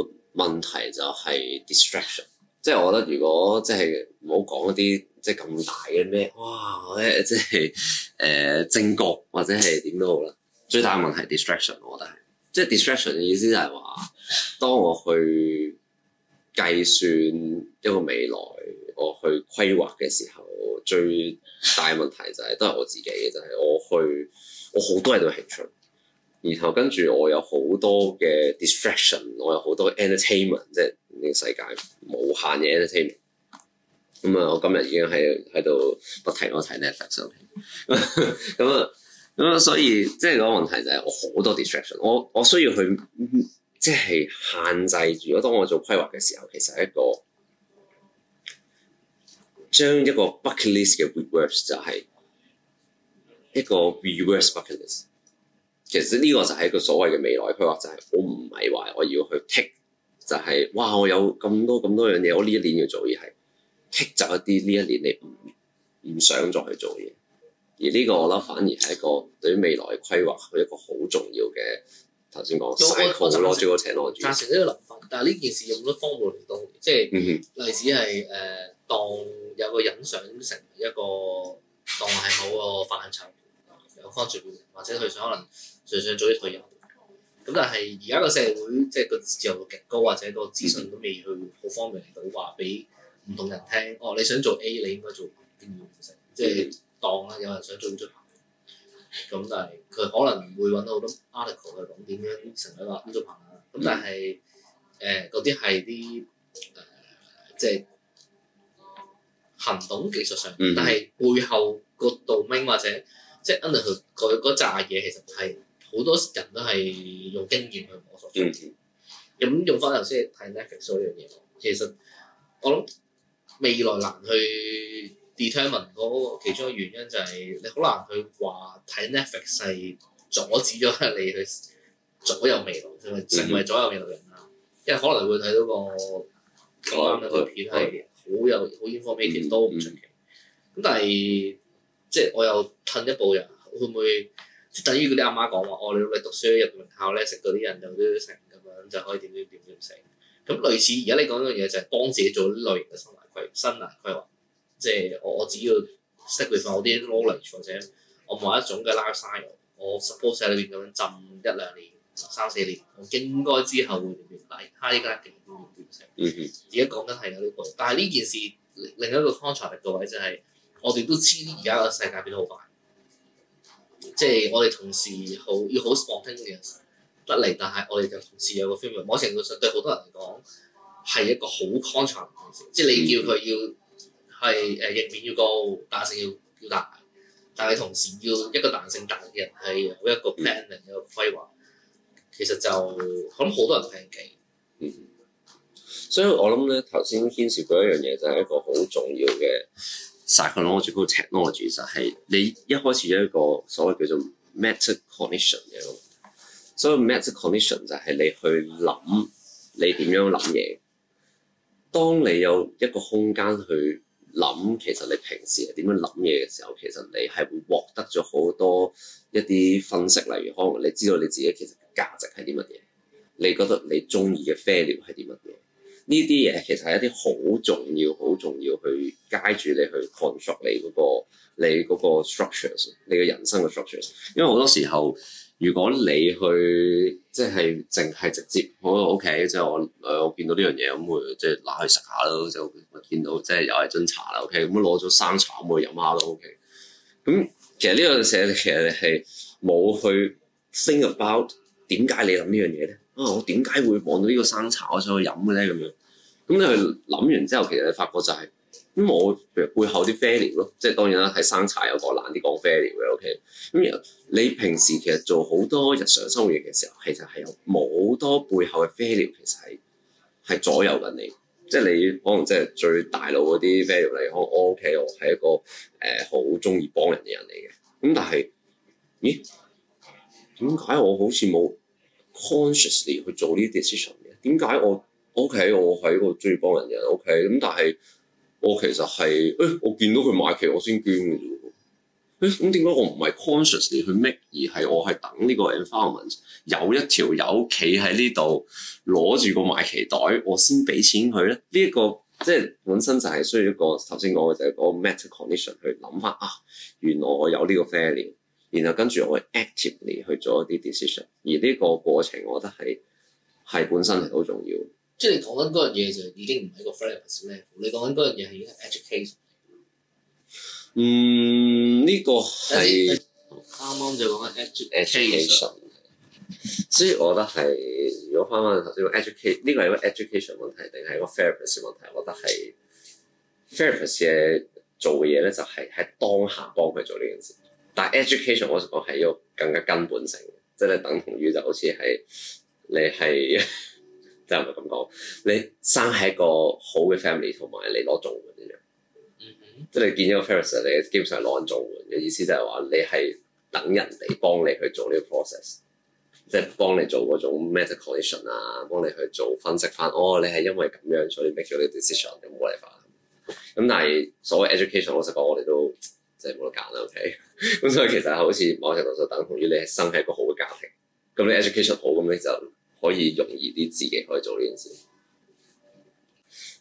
S1: 個問題就係 distraction，即係我覺得如果即係唔好講一啲即係咁大嘅咩哇，即係誒政局或者係點都好啦。 最大嘅問題 distraction，我覺得係。即係 distraction 嘅意思就係話，當我去計算一個未來，我去規劃嘅時候，最大問題就係、是、都係我自己嘅，就係、是、我去，我好多人都興趣，然後跟住我有好多嘅 distraction，我有好多 entertainment，即係呢個世界無限嘅 entertainment。咁、嗯、啊，我今日已經係喺度不停我睇 Netflix 咁啊。咁啊，所以即係個問題就係我好多 distraction，我我需要去即係限制住。如果當我做規劃嘅時候，其實係一個將一個，list 一個 bucket list 嘅 reverse 就係一個 reverse bucket list。其實呢個就係一個所謂嘅未來規劃，就係、是、我唔係話我要去 t 剔、就是，就係哇我有咁多咁多樣嘢，我呢一年要做嘢，係 t 剔走一啲呢一年你唔唔想再去做嘢。而呢個我諗反而係一個對於未來嘅規劃，一個好重要嘅頭先講，好咯、嗯哼，最多請我住。達成呢
S2: 個諗法，但係呢件事要好多方面嚟到，即係例子係誒當有個人想成為一個當係好個範疇有方寸，或者佢想可能想想早啲退休，咁但係而家個社會即係個自由度極高，或者個資訊都未去好方便到話俾唔同人聽。嗯、哼哦，你想做 A，你應該做邊樣嘢？嗯、即係。當啦，有人想做出品，咁但係佢可能會揾到好多 article 去講點樣成為一個出品啊。咁但係誒嗰啲係啲誒即係行動技術上，但係背後個 domain 或者即係 under 佢嗰嗰扎嘢，其實係好多人都係用經驗去摸索咁、嗯、用翻頭先睇 Netflix 嗰樣嘢，其實我諗未來難去。Determine 嗰個其中嘅原因就係你好難去話睇 Netflix 係阻止咗你去左右未來，成為左右未來人啦、啊。因為可能會睇到個啱嘅片係好有好、嗯、information 都唔出奇。咁、嗯嗯、但係即係我又褪一步，又會唔會等於嗰啲阿媽講話我哋努力讀書入名校咧，識嗰啲人就都成咁樣就可以點點點點成。咁類似而家你講嘅嘢就係幫自己做啲類型嘅生涯規生涯規劃。即係我我只要識佢返我啲 knowledge，或者我某一種嘅 life style 我 suppose 喺裏邊咁樣浸一兩年、三四年，我應該之後會瞭解，他依家幾多嘢嘅嘢。而
S1: 家
S2: 講緊係有呢個，但係呢件事另一個 contract 嘅位就係我哋都知而家個世界變好快，即係我哋同時好要好 positive 得嚟，但係我哋就同時有個 feel，某程度上對好多人嚟講係一個好 contract 嘅事，即係你叫佢要。係誒，逆面要高，彈性要要大，但係同時要一個彈性大嘅人係好。一個 planning、嗯、一個規劃。其實就我諗好多人 plan 嗯，
S1: 所以我諗咧頭先牽涉過一樣嘢就係一個好重要嘅 psychological technology 就係你一開始有一個所謂叫做 meta cognition 嘅，所以 meta cognition 就係你去諗你點樣諗嘢。當你有一個空間去。諗其實你平時係點樣諗嘢嘅時候，其實你係會獲得咗好多一啲分析，例如可能你知道你自己其實價值係啲乜嘢，你覺得你中意嘅 failure 係啲乜嘢，呢啲嘢其實係一啲好重要、好重要去街住你去 construct 你嗰、嗰個你嗰 structures 你嘅人生嘅 structures，因為好多時候。如果你去即係淨係直接，好 OK，即係我我見到呢樣嘢咁，我即係攞去食下咯。就我見到即係又係樽茶啦，OK，咁攞咗生茶咁去飲下咯，OK。咁其實呢個寫，其實你係冇去 think about 點解你諗呢樣嘢咧？啊，我點解會望到呢個生茶我想去飲嘅咧？咁樣咁你去諗完之後，其實你發覺就係、是。咁、嗯、我譬如背後啲 values 咯，即係當然啦，係生柴有講難啲講 values 嘅。Value, O.K. 咁、嗯、你平時其實做好多日常生活嘢嘅時候，其實係有好多背後嘅 values 其實係係左右緊你。即係你可能即係最大腦嗰啲 values 嚟，呃人人嗯、我，我 O.K. 我係一個誒好中意幫人嘅人嚟嘅。咁、okay, 嗯、但係，咦點解我好似冇 consciously 去做呢啲 decision 嘅？點解我 O.K. 我係一個中意幫人嘅人 O.K. 咁但係。我其實係誒、哎，我見到佢買旗，我先捐嘅啫，咁點解我唔係 consciously 去 make，而係我係等呢個 environment 有一條友企喺呢度攞住個買旗袋，我先俾錢佢咧？呢一個即係本身就係需要一個頭先講嘅就嗰個 meta condition 去諗翻啊。原來我有呢個 failure，然後跟住我會 actively 去做一啲 decision。而呢個過程，我覺得係係本身係好重要。即係你講緊嗰樣嘢就已經唔係一個
S2: philanthropist 咧，你講緊嗰樣嘢係已經 education。嗯，呢、這個
S1: 係啱啱就講緊 education， 所以我覺得係如果翻返頭先個 education 呢個係一個 education 問題定係一個 philanthropist 問題？我覺得係 philanthropist 嘅做嘅嘢咧，就係喺當下幫佢做呢件事。但係 education，我想講係一個更加根本性，即係等同於就好似係你係。即係咪咁講，你生喺一個好嘅 family 同埋你攞做嘅一樣，mm hmm. 即係你見一個 forester 你基本上攞緊做嘅意思就係話你係等人哋幫你去做呢個 process，即係幫你做嗰種 medical condition 啊，ation，幫你去做分析翻，哦，你係因為咁樣所以 make 咗呢個 decision 咁冇嚟法。咁但係所謂 education，老實講我哋都即係冇得揀啦，OK？咁、 嗯、所以其實好似某程度就等同於你生喺一個好嘅家庭，咁你 education 好，咁你就。可以容易啲自己可以做呢件事。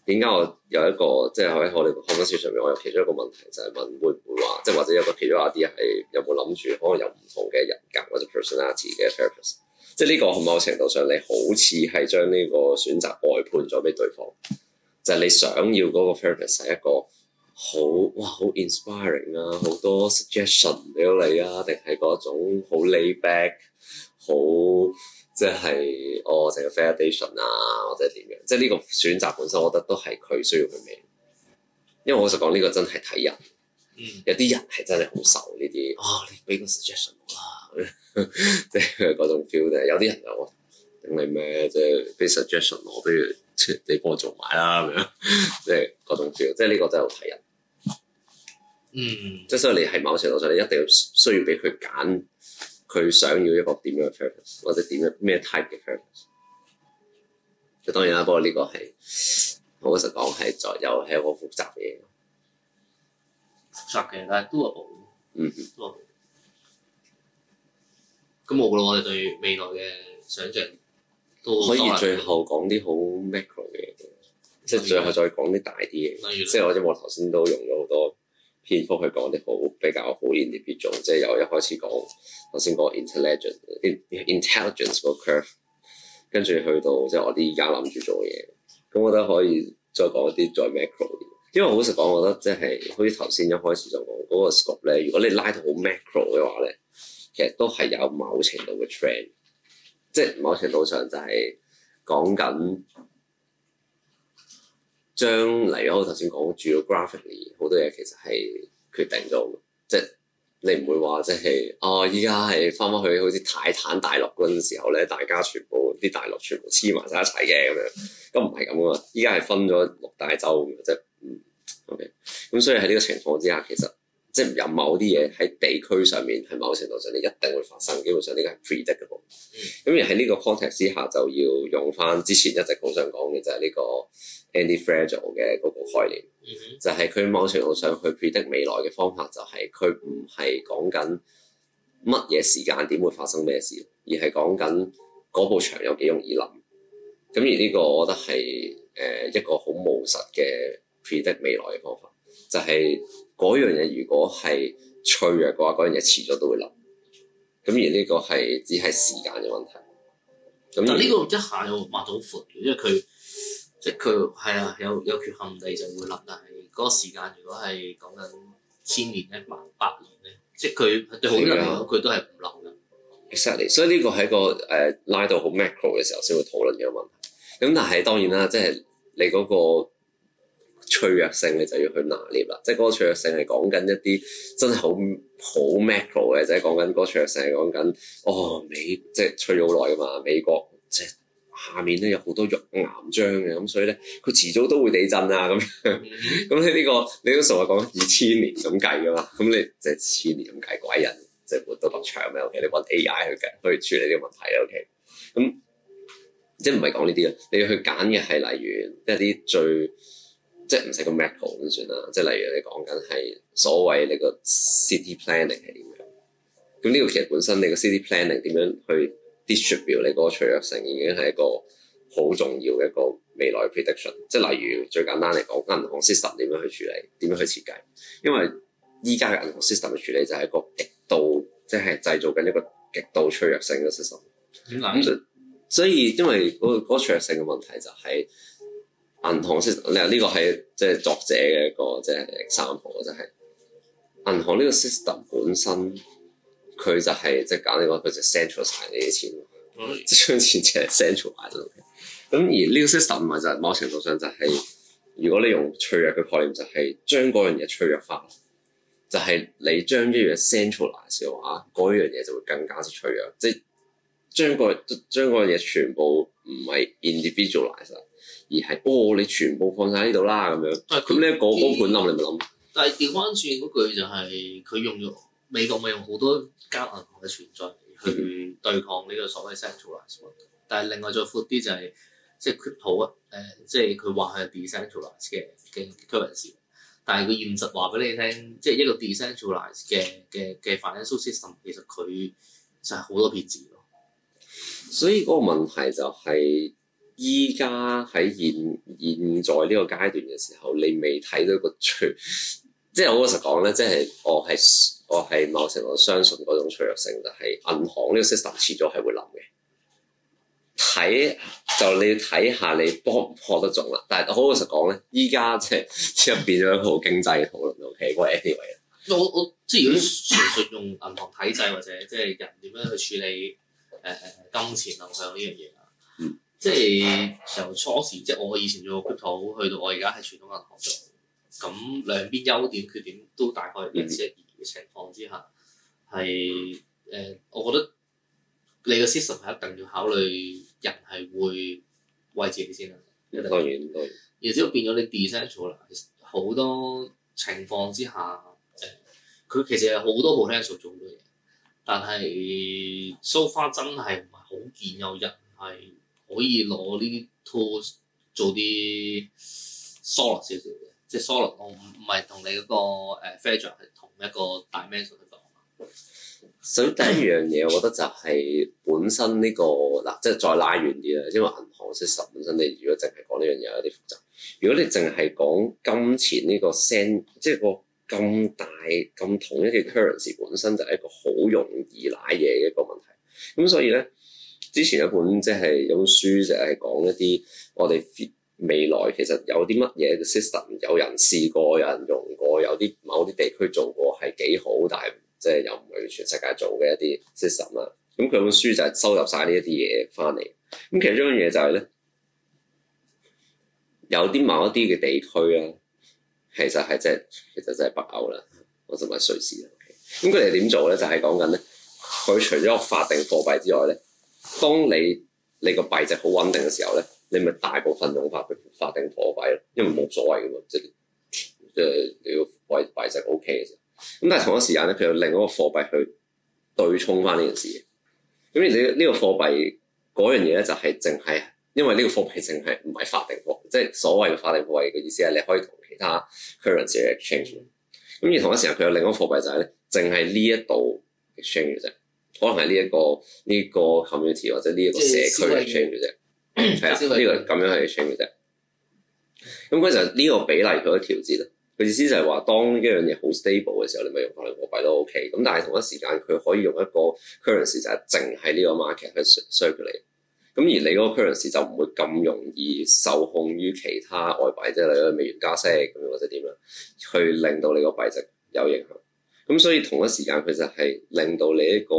S1: 點解我有一個即係喺我哋看小說上面，我有其中一個問題就係、是、問會唔會話，即係或者有個其中一啲係有冇諗住可能有唔同嘅人格或者 personality 嘅 purpose？即係呢個某程度上，你好似係將呢個選擇外判咗俾對方，就係、是、你想要嗰個 purpose 係一個好哇好 inspiring 啊，好多 suggestion 俾到你啊，定係嗰種好 layback 好。即係我成個 foundation 啊，哦、或者點樣？即係呢個選擇本身，我覺得都係佢需要佢名，因為我老實講，呢、呢個真係睇人。嗯、有啲人係真係好受呢啲。哦，你俾個 suggestion 我啦， 即係嗰種 feel 咧。有啲人就我頂你咩，即係俾 suggestion，我不如你幫我做埋啦咁樣。 即係嗰種 feel，即係呢個真係好睇人。嗯，即係所以你喺某程度上，你一定要需要俾佢揀。佢想要一個點樣嘅 purpose，或者點樣咩 type 嘅 purpose？即當然啦，不過呢個係好實講係在又係一個複雜嘢，複雜嘅，但
S2: 係都係好。嗯、hmm. 咁無論我哋對未來嘅想像都可以最後
S1: 講啲好 macro 嘅嘢，吧即係最後再講啲大啲嘅，吧即係或者我頭先都用咗好多。偏科去講啲好比較好啲嘅變種即係由一開始講，頭先講 intelligence，in，intelligence 個 curve，跟住去到即係我哋而家諗住做嘅嘢，咁我覺得可以再講啲再 macro 啲，因為好實講，我覺得即係好似頭先一開始就講嗰個 scope 咧，如果你拉到好 macro 嘅話咧，其實都係有某程度嘅 trend，即係某程度上就係講緊。將嚟我頭先講住嘅 graphically 好多嘢其實係決定咗，即係你唔會話即係哦依家係翻返去好似泰坦大陸嗰陣時候咧，大家全部啲大陸全部黐埋晒一齊嘅咁樣，咁唔係咁噶嘛，依家係分咗六大洲咁樣啫，嗯，OK，咁所以喺呢個情況之下其實。即係有某啲嘢喺地區上面，喺某程度上你一定會發生。基本上呢個係 predictable。咁、嗯、而喺呢個 context 之下，就要用翻之前一直好想講嘅就係、是、呢個 Antifragile 嘅嗰個概念。嗯、就係佢某程度上去 predict 未來嘅方、就是嗯呃、方法，就係佢唔係講緊乜嘢時間點會發生咩事，而係講緊嗰步牆有幾容易冧。咁而呢個我覺得係誒一個好務實嘅 predict 未來嘅方法，就係。嗰樣嘢如果係脆弱嘅話，嗰樣嘢遲早都會冧。咁而呢個係只係時間嘅問題。咁，但呢個
S2: 一下又抹到好闊，因為佢即係佢係啊有有缺陷地就會冧。但係嗰個時間如果係講緊千年一萬
S1: 百年咧，即係佢對好多人嚟講佢都係唔冧㗎。Exactly，所以呢個係一個誒、uh, 拉到好 macro 嘅時候先會討論嘅問題。咁但係當然啦，即係你嗰、那個。脆弱性你就要去拿捏啦，即係嗰個脆弱性係講緊一啲真係好好 macro 嘅，即係講緊嗰個脆弱性係講緊哦美，即係脆弱好耐㗎嘛，美國即係下面都有好多肉岩漿嘅，咁所以咧佢遲早都會地震啊，咁咁、 這個、你呢個你都成日講二千年咁計㗎嘛，咁你即係千年咁計，鬼人即係、就是、活到落場咩？OK？你揾 AI 去去處理呢個問題咧 OK？咁、嗯、即係唔係講呢啲啦，你要去揀嘅係例如即一啲最。即係唔使個 macro 咁算啦，即係例如你講緊係所謂你個 city planning 係點樣？咁呢個其實本身你個 city planning 點樣去 distribute 你嗰個脆弱性，已經係一個好重要嘅一個未來 prediction。即係例如最簡單嚟講，銀行 system 點樣去處理，點樣去設計？因為依家嘅銀行 system 嘅處理就係一個極度，即係製造緊一個極度脆弱性嘅 system。
S2: 點
S1: 諗住？嗯，所以因為嗰個嗰個脆弱性嘅問題就係。銀行 system 呢個係即係作者嘅一個即係 example，就係銀行呢個 system 本身佢就係即係搞呢個，佢就 central 曬你啲錢，即係將錢成 central 埋咗。咁而呢個 system 咪就係某程度上就係、是，如果你用脆弱嘅概念，就係、是、將嗰樣嘢脆弱化，就係、是、你將呢樣嘢 centralize 嘅話，嗰樣嘢就會更加之脆弱，即、就、係、是、將、那個將個嘢全部唔係 individualize 曬。而係哦，你全部放晒喺呢度啦，咁樣。佢咧嗰嗰盤諗你咪諗。
S2: 但係調翻轉嗰句就係、是，佢用咗美國咪用好多間銀行嘅存在去對抗呢個所謂 decentralized 但係另外再闊啲就係、是，即係 crypto 誒、呃，即係佢話係 decentralized 嘅 currency。但係佢現實話俾你聽，即係一個 decentralized 嘅嘅嘅 financial system，其實佢
S1: 就係好多騙子咯。所以嗰個問題就係、是。依家喺現現在呢個階段嘅時候，你未睇到個脆，即係我老實講咧，即係我係我係某程度相信嗰種脆弱性，就係銀行呢個 system 遲早係會冧嘅。睇就你要睇下你破唔破得中啦。但係好老實講咧，依家即係又變咗一個經濟嘅討論。OK，嗰 anyway，我我即係如果純粹用銀行
S2: 體制或者即係人點樣去處理誒、呃、金錢流向呢樣嘢。即係由初時即係我以前做個 crypto 去到我而家係傳統銀行做，咁兩邊優點缺點都大概係一知一，嘅情況之下係誒、呃、我覺得你個 system 係一定要考慮人係會為自己先啦。當
S1: 然當
S2: 然，而之後變咗你 design 啦。好多情況之下，誒、呃、佢其實係好多好 handso 做到嘢，但係 so far 真係唔係好見有人係。可以攞呢啲 tools 做啲 solid 少少嘅，即係 solid 咯，唔唔係同、uh, 你嗰個誒 federal 係同一個 dimension 去講。
S1: 首先、嗯、第一樣嘢，我覺得就係本身呢、這個嗱，即係再拉遠啲啦，因為銀行 system 本身你如果淨係講呢樣嘢有啲複雜。如果你淨係講金錢呢個 s e n t 即係個咁大咁統一嘅 currency，本身就係一個好容易拉嘢嘅一個問題。咁所以咧。之前有本即係有本書，就係講一啲我哋未來其實有啲乜嘢嘅 system，有人試過、有人用過，有啲某啲地區做過係幾好，但係即係又唔係全世界做嘅一啲 system 啦。咁佢本書就係收入晒呢一啲嘢翻嚟。咁其中一樣嘢就係咧，有啲某一啲嘅地區咧、啊，其實係即係其實真係北歐啦，或者埋瑞士啦。咁佢哋點做咧？就係講緊咧，佢除咗個法定貨幣之外咧。當你你個幣值好穩定嘅時候咧，你咪大部分用法法定貨幣咯，因為冇所謂嘅喎，即係誒你個幣幣值 OK 嘅時候。咁但係同一時間咧，佢有另一個貨幣去對沖翻呢件事。咁你呢個貨幣嗰樣嘢咧，就係淨係因為呢個貨幣淨係唔係法定貨，即係所謂嘅法定貨幣嘅意思係你可以同其他 currency exchange。咁而同一時間佢有另一個貨幣就係咧，淨係呢一度 exchange 嘅啫。可能係呢一個呢、呢個 community 或者呢一個社區嚟 change 嘅啫，係啦，呢個咁 樣去 change 嘅啫。咁嗰陣呢個比例佢都調節啦。佢意思就係話，當一樣嘢好 stable 嘅時候，你咪用返兩個幣都 OK。咁但係同一時間，佢可以用一個 currency 就係淨係呢個 market 去 circulate。咁而你嗰個 currency 就唔會咁容易受控於其他外幣，即係例如美元加息咁樣或者點樣，去令到你個幣值有影響。咁、嗯、所以同一時間，佢就係令到你一個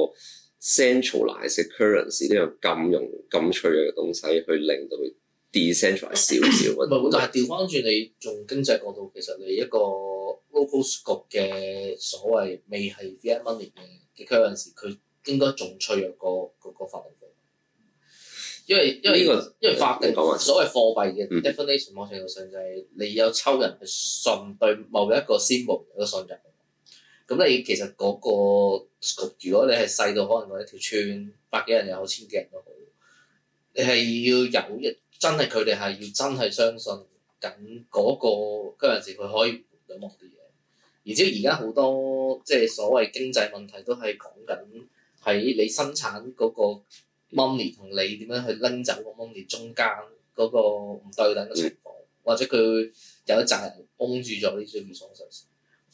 S1: centralized currency 呢個金融咁脆弱嘅東西，去令到佢 decentralize 少少。唔係， 但係調
S2: 翻轉你從經濟角度，其實你一個 local 局嘅所謂未係 v e e n t r o n 嘅 currency，佢應該仲脆弱過、那個法定貨，因為因為呢、這個因為法定所謂貨幣嘅 definition，某程度、嗯、上就係你有抽人去信對某一個 symbol 嘅信任。咁你其實嗰、那個，如果你係細到可能講一條村百幾人又好，千幾人都好，你係要有一真係佢哋係要真係相信緊、那、嗰個金融佢可以換到某啲嘢。而且而家好多即係所謂經濟問題都係講緊喺你生產嗰個 money 同你點樣去拎走個 money 中間嗰、那個唔對等嘅情況，或者佢有一紮人擁住咗呢啲雙數市。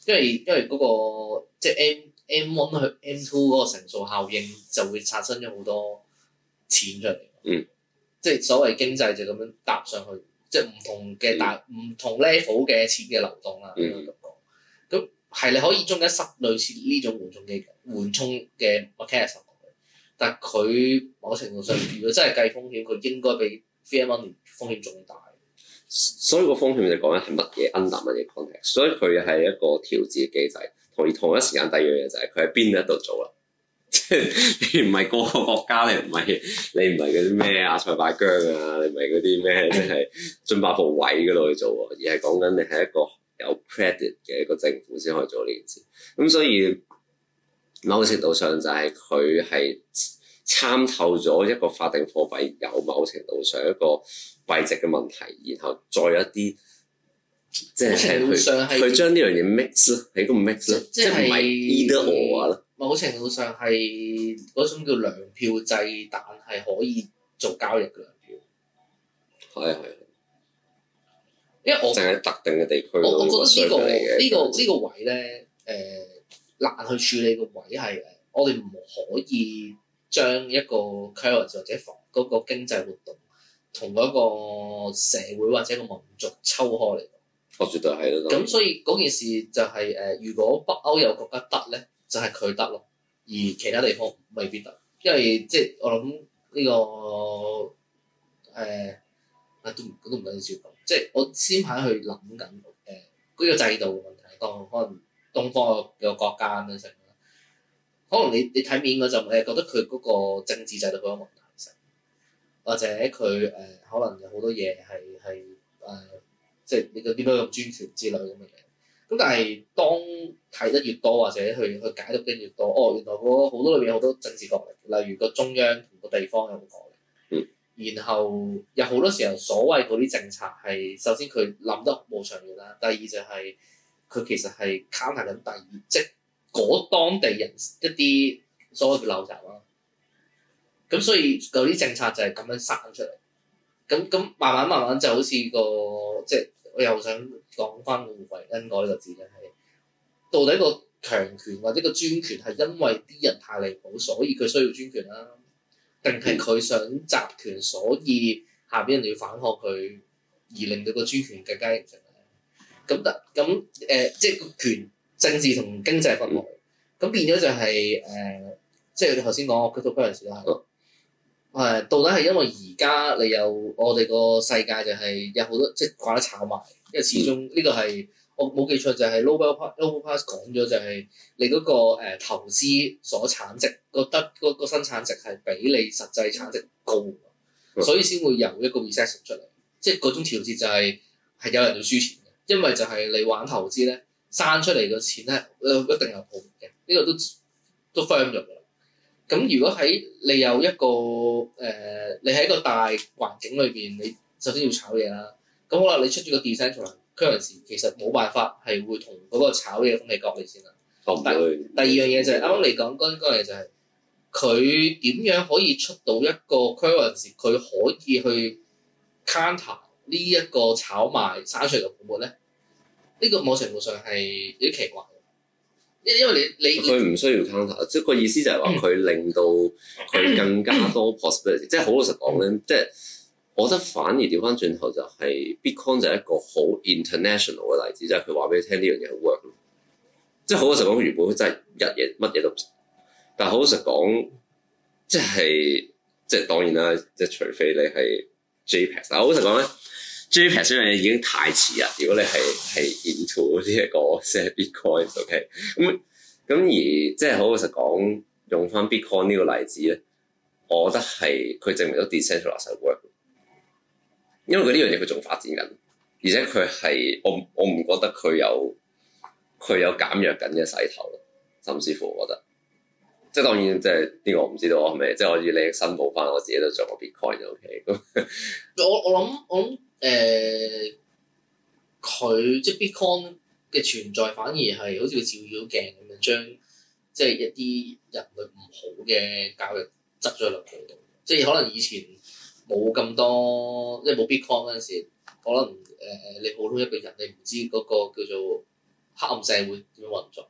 S2: 因為因為嗰個即係 M M one 去 M two 嗰個乘數效應就會產生咗好多錢出嚟，嗯，即係所謂經濟就咁樣搭上去，即係唔同嘅大唔同 level 嘅錢嘅流動啦咁樣嚟講，咁係、嗯嗯、你可以中間塞類似呢種緩衝機，緩衝嘅 mechanism，但係佢某程度上如果真係計風險，佢應該比 F M 風險仲大。
S1: 所以個風險就講緊係乜嘢 under 乜嘢 context 所以佢係一個調節嘅機制，同同一時間第二樣嘢就係佢喺邊一度做啦、啊，即係你唔係個個國家，你唔係你唔係嗰啲咩啊塞百姜啊，你唔係嗰啲咩即係進百部位嗰度去做喎，而係講緊你係一個有 credit 嘅一個政府先可以做呢件事。咁所以某程度上就係佢係參透咗一個法定貨幣有某程度上一個。幣值嘅問題，然後再有一啲，即係佢佢將呢樣嘢 mix 你都唔 mix，即係唔係 either or
S2: 某程度上係嗰種叫糧票制，但係可以做交易嘅糧票。係啊係因為我淨係
S1: 特定嘅地區，我我覺得呢、這個呢個呢、這個這個位
S2: 咧，誒、呃、難去處理嘅位係，我哋唔可以將一個規劃或者房嗰、那個經濟活動。同嗰個社會或者個民族抽開嚟，
S1: 我絕對係咁。所以
S2: 嗰件事就係、是、誒、呃，如果北歐有國家得咧，就係佢得咯，而其他地方未必得，因為即係我諗呢個誒，我、這個呃、都唔，我都唔想講，即係我先排去諗緊誒嗰個制度嘅問題，當可能東方嘅國家咁樣成啦，
S1: 可能你你睇
S2: 面嗰陣，你係覺得佢嗰個政治制度好有問題。或者佢誒、呃、可能有好多嘢係係誒，即係你點樣用專權之類咁嘅嘢。咁但係當睇得越多，或者去去解讀得越多，哦，原來好多裏邊好多政治角力，例如個中央同個地方有個角力。然後有好多時候所謂嗰啲政策係首先佢諗得冇長遠啦，第二就係、是、佢其實係貪拿緊第二，即係嗰當地人一啲所謂嘅陋習啦。咁所以有啲政策就係咁樣生出嚟，咁咁慢慢慢慢就好似個即係我又想講翻個維恩嗰個字咧，係到底個強權或者個專權係因為啲人太離譜，所以佢需要專權啦、啊，定係佢想集權，所以下邊人哋要反抗佢，而令到個專權更加強咧？咁但咁誒即係個權政治同經濟分開，咁變咗就係、是、誒、呃，即係你頭先講我讀嗰陣時都係，到底係因為而家你有我哋個世界就係有好多即係掛得炒埋，因為始終呢、就係嗰個係我冇記錯就係 Lowell Pass，Lowell Pass 講咗就係你嗰個投資所產值，覺得嗰個生產值係比你實際產值高，嗯、所以先會由一個 recession 出嚟，即係嗰種調節就係、係、係有人要輸錢嘅，因為就係你玩投資咧，生出嚟嘅錢咧一定有泡沫嘅，呢、呢個都都 firm 咗咁如果喺你有一個誒、呃、你喺一個大環境裏邊你首先要炒嘢啦。咁好啦，你出咗個 decentralisation 其實冇辦法係會同嗰個炒嘢風氣隔離先啦。
S1: 唔會。第二
S2: 樣嘢就係啱啱你講嗰啲概念就係佢點樣可以出到一個 decentralisation 佢可以去
S1: counter
S2: 呢一個炒賣生出嚟嘅泡沫咧？呢、這個某程度上係有啲奇怪。因因為你你佢唔
S1: 需要 count e r 即係個意思就係話佢令到佢更加多 possibility，即係好老實講咧，即係我覺得反而調翻轉頭就係 Bitcoin 就係一個好 international 嘅例子，即係佢話俾你聽呢樣嘢好 work 即係好老實講原本真係日日乜嘢都，但係好老實講，即係即係當然啦，即係除非你係 JPEG，但好老實講咧。最平嗰樣嘢已經太遲啦！如果你係係 into 呢一個 set Bitcoin，OK 咁咁而即係好老實講，用翻 Bitcoin 呢個例子咧，我覺得係佢證明咗 decentralised work，因為佢呢樣嘢佢仲發展緊，而且佢係我我唔覺得佢有佢有減弱緊嘅勢頭，甚至乎我覺得即係當然即係呢個我唔知道係咩，即係我以你嘅申報翻我自己都做過 Bitcoin，OK 咁我我
S2: 諗我。我我我誒佢、呃、即係 Bitcoin 嘅存在，反而係好似照妖鏡咁樣，將即係一啲人類唔好嘅交易執咗落去度。即係可能以前冇咁多，即係冇 Bitcoin 陣時，可能誒誒、呃、你普通一個人，你唔知個叫做黑暗社會點樣運作。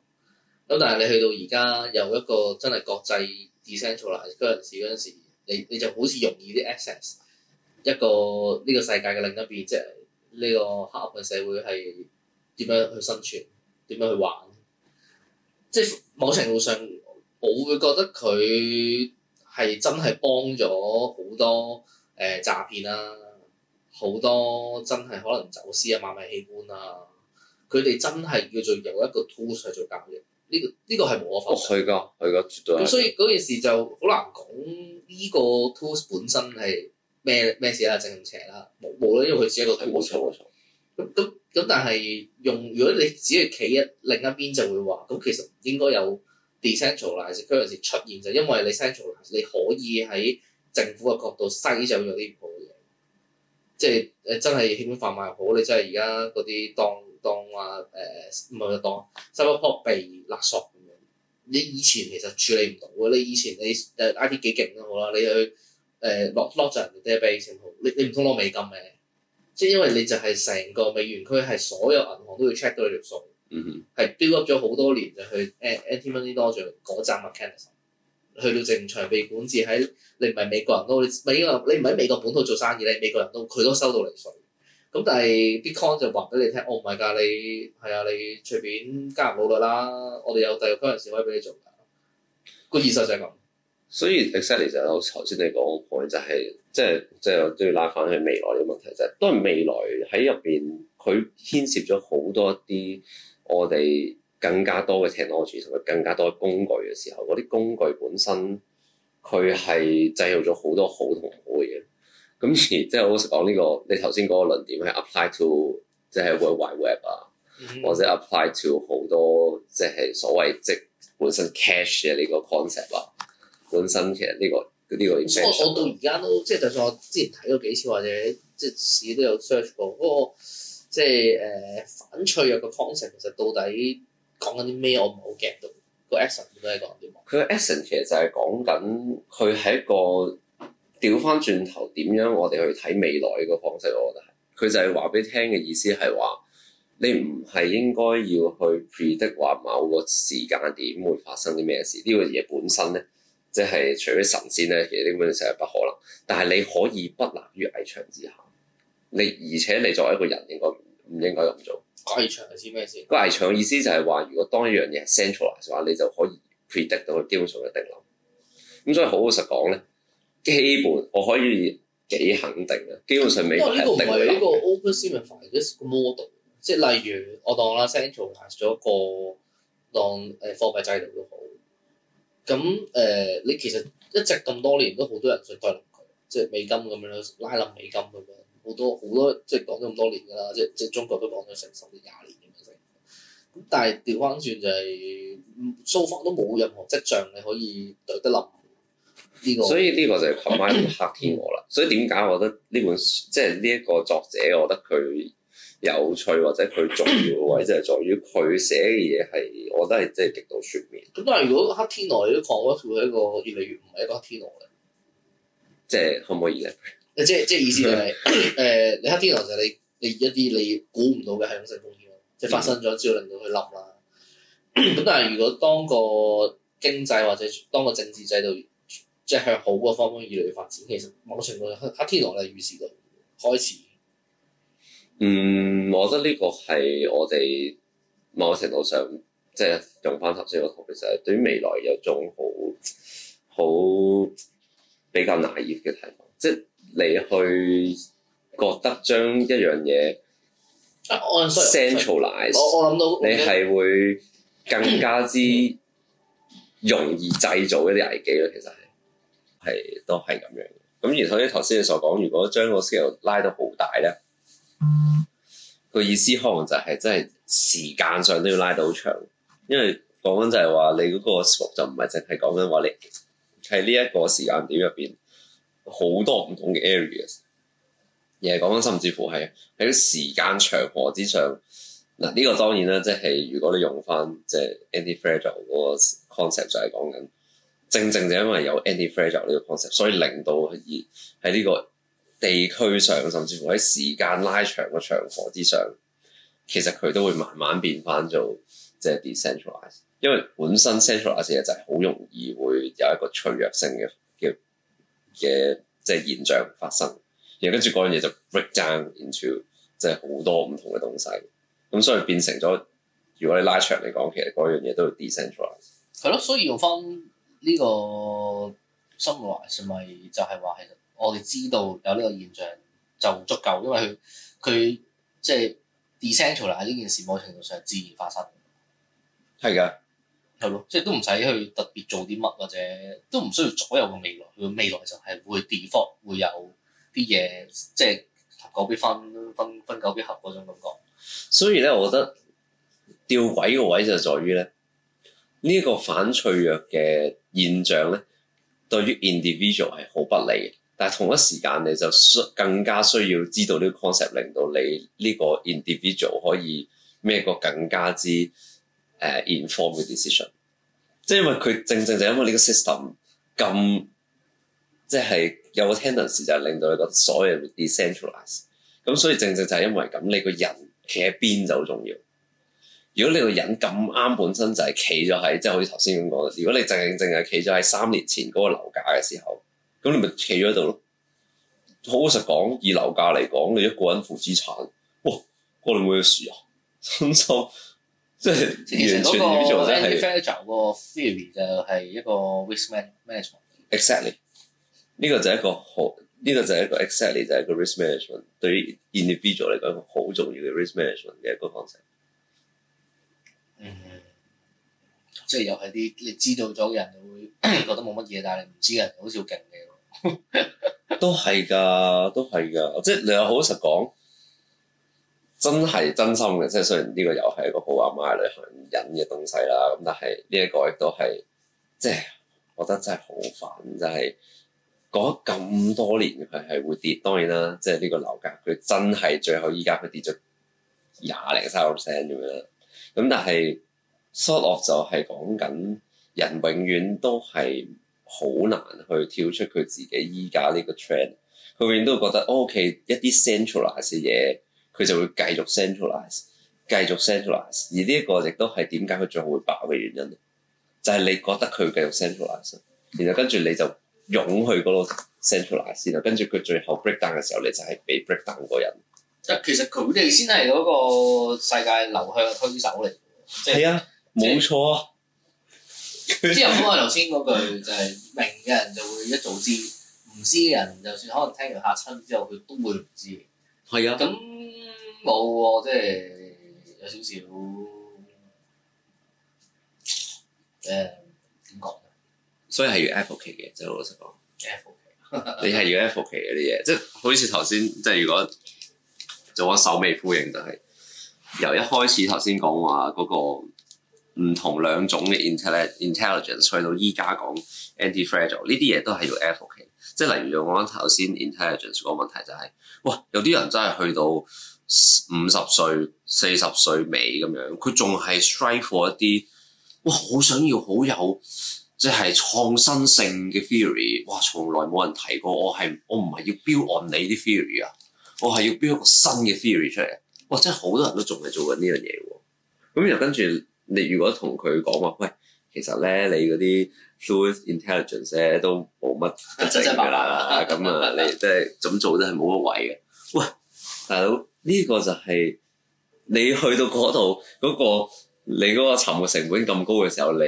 S2: 咁但係你去到而家有一個真係國際 decentralised 嗰陣時，嗰陣時你你就好似容易啲 access。一個呢、這個世界嘅另一邊，即係呢個黑暗嘅社會係點樣去生存？點樣去玩？即係某程度上，我會覺得佢係真係幫咗好多誒詐騙啦，好多真係可能走私啊、買賣器官啊，佢哋真係叫做有一個 tools 去做交易。呢、這個呢、這個係無可否認。哦，
S1: 係㗎，係㗎，絕對。咁所以嗰件事就
S2: 好難講，呢個 tools 本身係。咩咩事啦、啊？正邪啦、啊，冇冇啦，因為佢自己一個。冇錯冇錯。咁咁咁，但係用如果你只係企一另一邊，就會話咁其實應該有 decentralize 嗰陣時出現，就因為你 centralisation 你可以喺政府嘅角度篩走咗啲唔好嘅嘢，即係誒、呃、真係欺騙販賣又好，你真係而家嗰啲當當話誒唔係唔係當 Cyberport 被勒索咁樣，你以前其實處理唔到嘅。你以前你誒 IT 幾勁都好啦，你去。誒落 lock 就係 d 好，你你唔通攞美金咩？即係因為你就係成個美元區係所有銀行都要 check 到你條數，係 build up 咗好多年就去 anti-money laundering 嗰站 mechanism，去到正常被管制喺你唔係美國人都你唔係美國本土做生意咧，美國人都佢都收到嚟稅，咁但係啲 con 就話俾你聽，oh my god，你係啊你隨便加唔努力啦，我哋有第二區人士可以俾你做㗎，個現
S1: 實就係咁。所以 exactly 就係我頭先你講講就係、是，即係即係都要拉翻去未來嘅問題，就係、是、都係未來喺入邊，佢牽涉咗好多一啲我哋更加多嘅 technology 同埋更加多工具嘅時候，嗰啲工具本身佢係製造咗好多好同唔好嘅嘢。咁而即係、就是、我講呢、這個，你頭先嗰個論點係 apply to 即係 web web 啊，web, mm
S2: hmm. 或者
S1: apply to 好多即係、就是、所謂即、就是、本身 cache 嘅呢個 concept 啊。本身其實呢個呢個，我我到而
S2: 家都即係就算我之前睇過幾次或者即係市都有 search 過，嗰個即係誒反脆弱嘅 concept 其實到底講緊啲咩？我唔係好 get 到個 essence 喺講啲乜。
S1: 佢個 essence 其實就係講緊佢係一個調翻轉頭點樣我哋去睇未來嘅方式，我覺得係。佢就係話俾你聽嘅意思係話，你唔係應該要去 predict 話某個時間點會發生啲咩事。呢個嘢本身咧。即係除咗神仙咧，其實基本上係不可能。但係你可以不立於危牆之下。你而且你作為一個人，應該唔應該咁做？危
S2: 牆係指咩先？個
S1: 危牆嘅意思就係話，如果當一樣嘢係 centralize 嘅話，你就可以 predict 到基本上一定囉。咁所以好老實講咧，基本我可以幾肯定啊，基本上美國係定嘅啦。
S2: 因為呢個唔係呢個 open system 嘅 model 即係例如我當啦 centralize 咗個當誒、呃、貨幣制度都好。咁誒、呃，你其實一直咁多年都好多人想推落佢，即係美金咁樣咯，拉冧美金咁樣，好多好多即係講咗咁多年㗎啦，即係即係中國都講咗成十年廿年咁樣，咁但係調翻轉就係、是，蘇方都冇任何跡象你可以懟得冧
S1: 呢個，所以呢個就係近排黑天鵝啦。所以點解我覺得呢本即係呢一個作者，我覺得佢。有趣或者佢重要嘅位即係在於佢寫嘅嘢係，我覺得係即係極度全面。咁但係如果黑
S2: 天鵝，你都講咗，佢一個越嚟越唔係一個黑天鵝嘅，
S1: 即係可唔可以咧？即
S2: 係即係意思就係、是、誒、 呃，你黑天鵝就係你你一啲你估唔到嘅系統性風險咯，嗯、即係發生咗，只要令到佢冧啦。咁 但係如果當個經濟或者當個政治制度即係向好嘅方向越嚟越發展，其實某程度黑天鵝咧，預示到開始。
S1: 嗯，我覺得呢個係我哋某程度上，即係用翻頭先個圖，其實對於未來有一種好好比較 naive 嘅睇法，即係你去覺得將一樣嘢
S2: centralise，我諗到，你係
S1: 會更加之容易製造一啲危機咯。其實係係都係咁樣嘅。咁而頭先頭先你所講，如果將個 scale 拉到好大咧？個意思可能就係真係時間上都要拉到好長，因為講緊就係話你嗰、scope 就唔係淨係講緊話你，喺呢一個時間點入邊好多唔同嘅 areas，而係講緊甚至乎係喺個時間長河之上，嗱、這、呢個當然啦，即係如果你用翻即係 Antifragile 嗰個 concept 就係講緊，正正就因為有 Antifragile 呢個 concept，所以令到而喺呢個。地區上，甚至乎喺時間拉長嘅場合之上，其實佢都會慢慢變翻做即係、就是、decentralised，因為本身 centralised 嘢就係好容易會有一個脆弱性嘅嘅嘅即係現象發生，然後跟住嗰樣嘢就 break down into 即係好多唔同嘅東西，咁、嗯、所以變成咗如果你拉長嚟講，其實嗰樣嘢都會 decentralise。係咯，所以用翻
S2: 呢、這個 centralisation 咪就係話其我哋知道有呢個現象就足夠，因為佢佢即係、就是、decentral 化呢件事某程度上自然發生，係㗎的，係咯，即係都唔使去特別做啲乜或者都唔需要左右個未來，佢未來就係會 default 會有啲嘢，即係合久必分，分分久必合嗰種感覺。
S1: 所以咧，我覺得吊詭個位就在於咧，呢、這、一個反脆弱嘅現象咧，對於 individual 係好不利嘅。但係同一時間，你就需更加需要知道呢個 concept，令到你呢個 individual 可以咩個更加之誒、uh, inform 嘅 decision。即係因為佢正正就因為呢個 system 咁，即係有個 tendency 就係令到你個所有 decentralize。咁所以正正就係因為咁，你個人企喺邊就好重要。如果你個人咁啱本身就係企咗喺，即係好似頭先咁講。如果你正正淨係企咗喺三年前嗰個樓價嘅時候。咁你咪企咗喺度咯？好老實講，以樓價嚟講，你一個人負資產，哇！過唔會嘅事啊， 真就即係完全。個 individual
S2: 個 theory 就係一個 risk management。
S1: Exactly，呢個就係一個好，呢個就係一個 exactly 就係一個 risk management。對於 individual 嚟講，一個好重要嘅 risk management 嘅一個方式。嗯。
S2: 即係又係啲你知道咗嘅人就會覺得冇乜嘢，但係你唔知嘅人好少勁嘅。
S1: 都係噶，都係噶，即係你又好實講，真係真心嘅。即係雖然呢個又係一個好阿媽旅行引嘅東西啦，咁但係呢一個亦都係，即係我覺得真係好煩，真係講咗咁多年佢係會跌，當然啦，即係呢個樓價佢真係最後依家佢跌咗廿零三個 percent 咁樣，咁但係縮落就係講緊人永遠都係。好難去跳出佢自己依家呢個 trend，佢永遠都會覺得 O.K.、哦、一啲 centralize 嘅嘢，佢就會繼續 centralize，繼續 centralize，而呢一個亦都係點解佢最後會爆嘅原因，就係、是、你覺得佢繼續 centralize，然後跟住你就湧去嗰個 centralize，然後，跟住佢最後 break down 嘅時候，你就係被 break down 嗰個人。
S2: 其實佢哋先係嗰個世界流向推手嚟，
S1: 係、就是、啊，冇錯啊。就是即係唔好我頭先嗰句，就係、是、明嘅人就
S2: 會一早知，唔知嘅人就算可能聽完嚇親之後，佢都會唔
S1: 知。係
S2: 啊。 咁冇喎，即係有少少誒點
S1: 講。呃、所以係要 effort 嘅，即係老實講。effort 你係要 effort 嘅啲嘢，即係好似頭先，即係如果做我首尾呼應，就係、是、由一開始頭先講話嗰、那個。唔同兩種嘅 intelligent intelligence 去到依家講 anti-fragile 呢啲嘢都係要 effort 即係例如我講頭先 intelligence 個問題就係，哇！有啲人真係去到五十歲、四十歲尾咁樣，佢仲係 strive for 一啲，哇！好想要好有即係創新性嘅 theory，哇！從來冇人提過，我係我唔係要標 on 你啲 theory 啊，我係要標一個新嘅 theory 出嚟。哇！真係好多人都仲係做緊呢樣嘢喎，咁又跟住。你如果同佢講話，喂，其實咧你嗰啲 fluid intelligence 咧都冇乜得滯㗎啦，咁了啊、嗯、煩你即係點做都係冇乜位嘅。喂，大佬呢、呢個就係、是、你去到嗰度嗰個你嗰個沉沒成本咁高嘅時候，你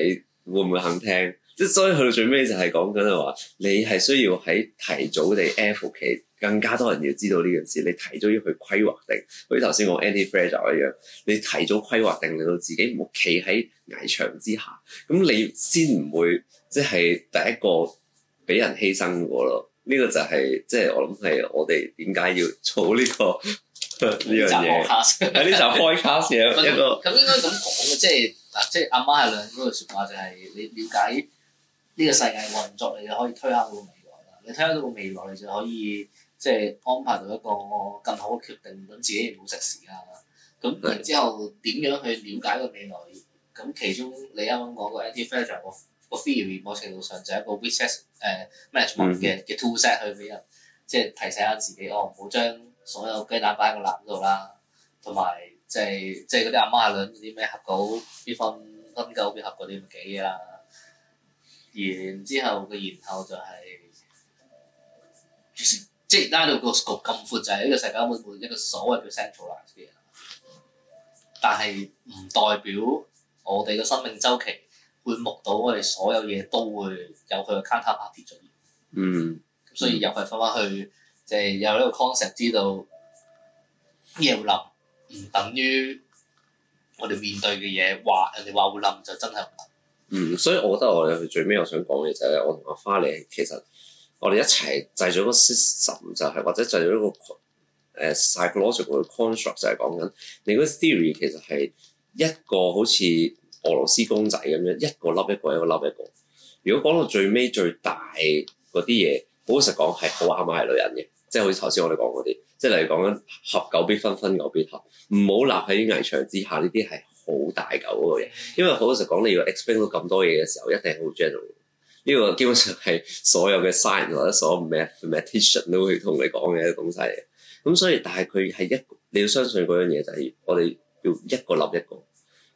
S1: 會唔會肯聽？即係所以去到最尾就係講緊就話，你係需要喺提早地 a p p e 更加多人要知道呢件事，你提早要去規劃定，好似頭先我 Andy Fraser 一樣，你提早規劃定令到自己唔好企喺危牆之下，咁你先唔會即係第一個俾人犧牲過咯。呢個就係即係我諗係我哋點解要做呢個呢樣嘢喺呢度開卡 l a 咁應該咁講嘅，即係即係阿媽喺兩嗰句説話就係、
S2: 是、你了解。 呢個世界運作，你就可以推測到個未來啦。你推測到個未來，你就可以即係安排到一個更好嘅決定，等自己唔好食屎啦。咁然之後點樣去了解個未來？咁其中你啱啱講個 antifragile 個個 theory，某程度上就係一個 wisest 誒 management 嘅嘅 toolset 去俾人，即係提醒下自己，哦唔好將所有雞蛋擺喺個籃度啦。同埋即係即係嗰啲阿媽諗嗰啲咩合狗呢瞓新狗邊合嗰啲，咪幾嘢啦。然之後嘅然後就係，即係拉到個局咁闊，就係呢個世界冇冇一個所謂嘅 centralized 嘅嘢。但係唔代表我哋嘅生命周期會目睹我哋所有嘢都會有佢嘅 catastrophe 出現。嗯，所以又係翻返去，即係有呢個 concept 知道，嘢會冧唔等於我哋面對嘅嘢話，人哋話會冧就真係。
S1: 嗯，所以我覺得我哋最尾我想講嘅就係，我同阿花你其實我哋一齊製咗個 system 就係、係，或者製咗一個誒 psychological 嘅 construct 就係講緊你嗰個 theory 其實係一個好似俄羅斯公仔咁樣一個粒一個一個粒一,一,一個。如果講到最尾最大嗰啲嘢，好實講係好阿媽係女人嘅，即係好似頭先我哋講嗰啲，即係例如講緊合久必分，分久必合，唔好立喺危牆之下，呢啲係。好大嚿嗰個嘢，因為好老實講，你要 explain 到咁多嘢嘅時候，一定好 general。呢個基本上係所有嘅 scientist 或者所有 mathematician 都會同你講嘅東西。咁所以，但係佢係一個你要相信嗰樣嘢就係我哋要一個立一個，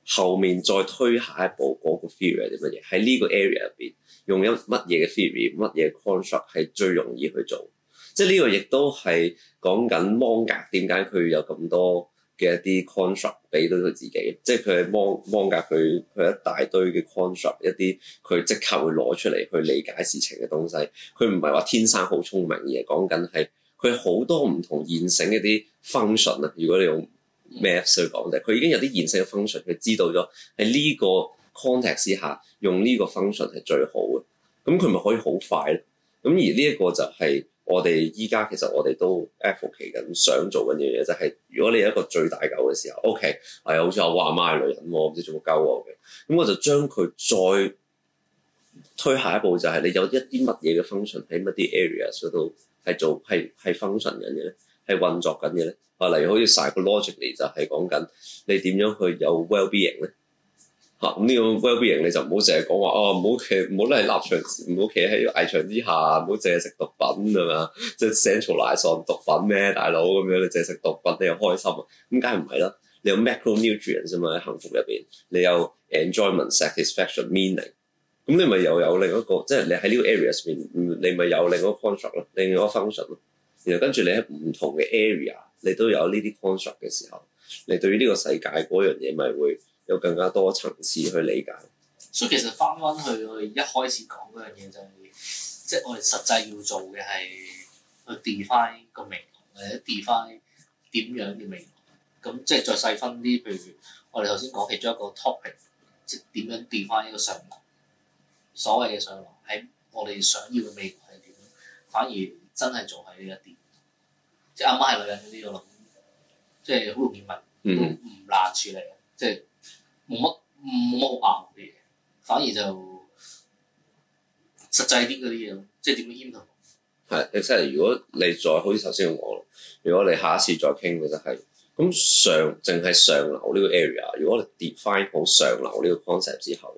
S1: 後面再推下一步嗰個 theory 係啲乜嘢，喺呢個 area 入邊用一乜嘢嘅 theory 乜嘢 concept 係最容易去做。即係呢個亦都係講緊蒙格點解佢有咁多。嘅一啲 concept 俾到佢自己，即係佢幫幫架佢佢一大堆嘅 concept，一啲佢即刻會攞出嚟去理解事情嘅東西。佢唔係話天生好聰明而係，講緊係佢好多唔同現成一啲 function 啊。如果你用 maths 去講嘅，佢已經有啲現成嘅 function，佢知道咗喺呢個 context 之下用呢個 function 係最好嘅。咁佢咪可以好快咧？咁而呢一個就係、是。我哋依家其實我哋都 app 奇緊，想做緊嘅嘢就係、是，如果你有一個最大狗嘅時候，OK，係、哎、好似我話媽係女人我唔知做乜交我嘅，咁、okay, 嗯、我就將佢再推下一步就係、是，你有一啲乜嘢嘅 function 喺乜啲 areas 嗰度係做係係 function 緊嘅咧，係運作緊嘅咧，例如好似 psychologically 就係講緊你點樣去有 well-being 咧。嗱，咁呢、嗯這個 well-being 你就唔好成日講話哦，唔好企唔好咧係立場，唔好企喺危牆之下，唔好淨係食毒品係嘛？即係 centralising 毒品咩？大佬咁樣你淨係食毒品你又開心啊？咁梗係唔係啦？你有 macronutrients 啫嘛，喺幸福入邊，你有 enjoyment、嗯、satisfaction、meaning，咁你咪又有另一個，即係你喺呢個 area 入邊，你咪有另一個 construct 咯，另一個 function 咯。然後跟住你喺唔同嘅 area，你都有呢啲 construct 嘅時候，你對於呢個世界嗰樣嘢咪會～有更加多層次去理解，
S2: 所以其實翻翻去我一開始講嗰樣嘢就係，即係我哋實際要做嘅係去 define 個未來，或者 define 點樣嘅未來。咁即係再細分啲，譬如我哋頭先講其中一個 topic，即係點樣 define 一個上落。所謂嘅上落，喺我哋想要嘅未來係點？反而真係做喺呢一啲，即係阿媽係女人嘅呢個諗，即係好容易問、mm hmm. 都唔辣住理。即係。冇乜冇乜好拗嗰啲嘢，
S1: 反而就實際啲嗰啲嘢咯，即係點樣 i n t e x p r tinterpret 係，即如果你再好似頭先我，如果你下一次再傾嘅就係、是，咁上淨係上樓呢個 area，如果你 define 好上樓呢個 concept 之後，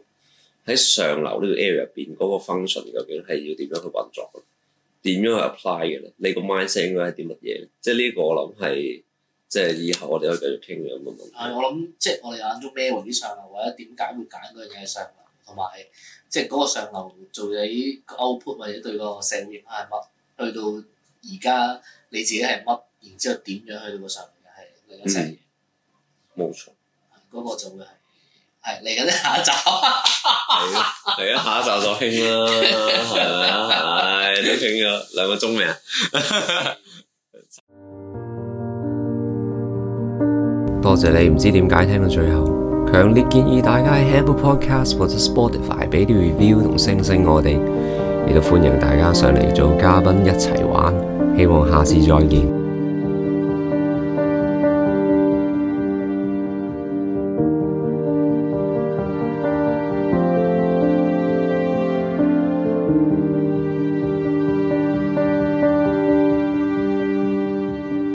S1: 喺上樓呢個 area 入邊嗰個 function 究竟係要點樣去運作咧？點樣去 apply 嘅咧？你個 mindset 應該係啲乜嘢？即係呢個我諗係。即係以後我哋可以繼續傾嘅咁樣，
S2: 我諗即係我哋眼中孭回啲上流，或者點解會揀嗰樣嘢係上流，同埋即係嗰個上流做嘢 output，或者對個社會影響係乜？去到而家你自己係乜？然之後點樣去到個上流又係另一隻
S1: 嘢。冇錯
S2: 嗰個仲係係嚟緊下一集。嚟緊下一集
S1: 就傾啦，係啊，都傾咗兩個鐘未啊？多謝你，唔知點解聽到最後，強烈建議大家喺 Apple Podcast 或者 Spotify 俾啲 review 同星星我哋，亦都歡迎大家上嚟做嘉賓一齊玩，希望下次再見。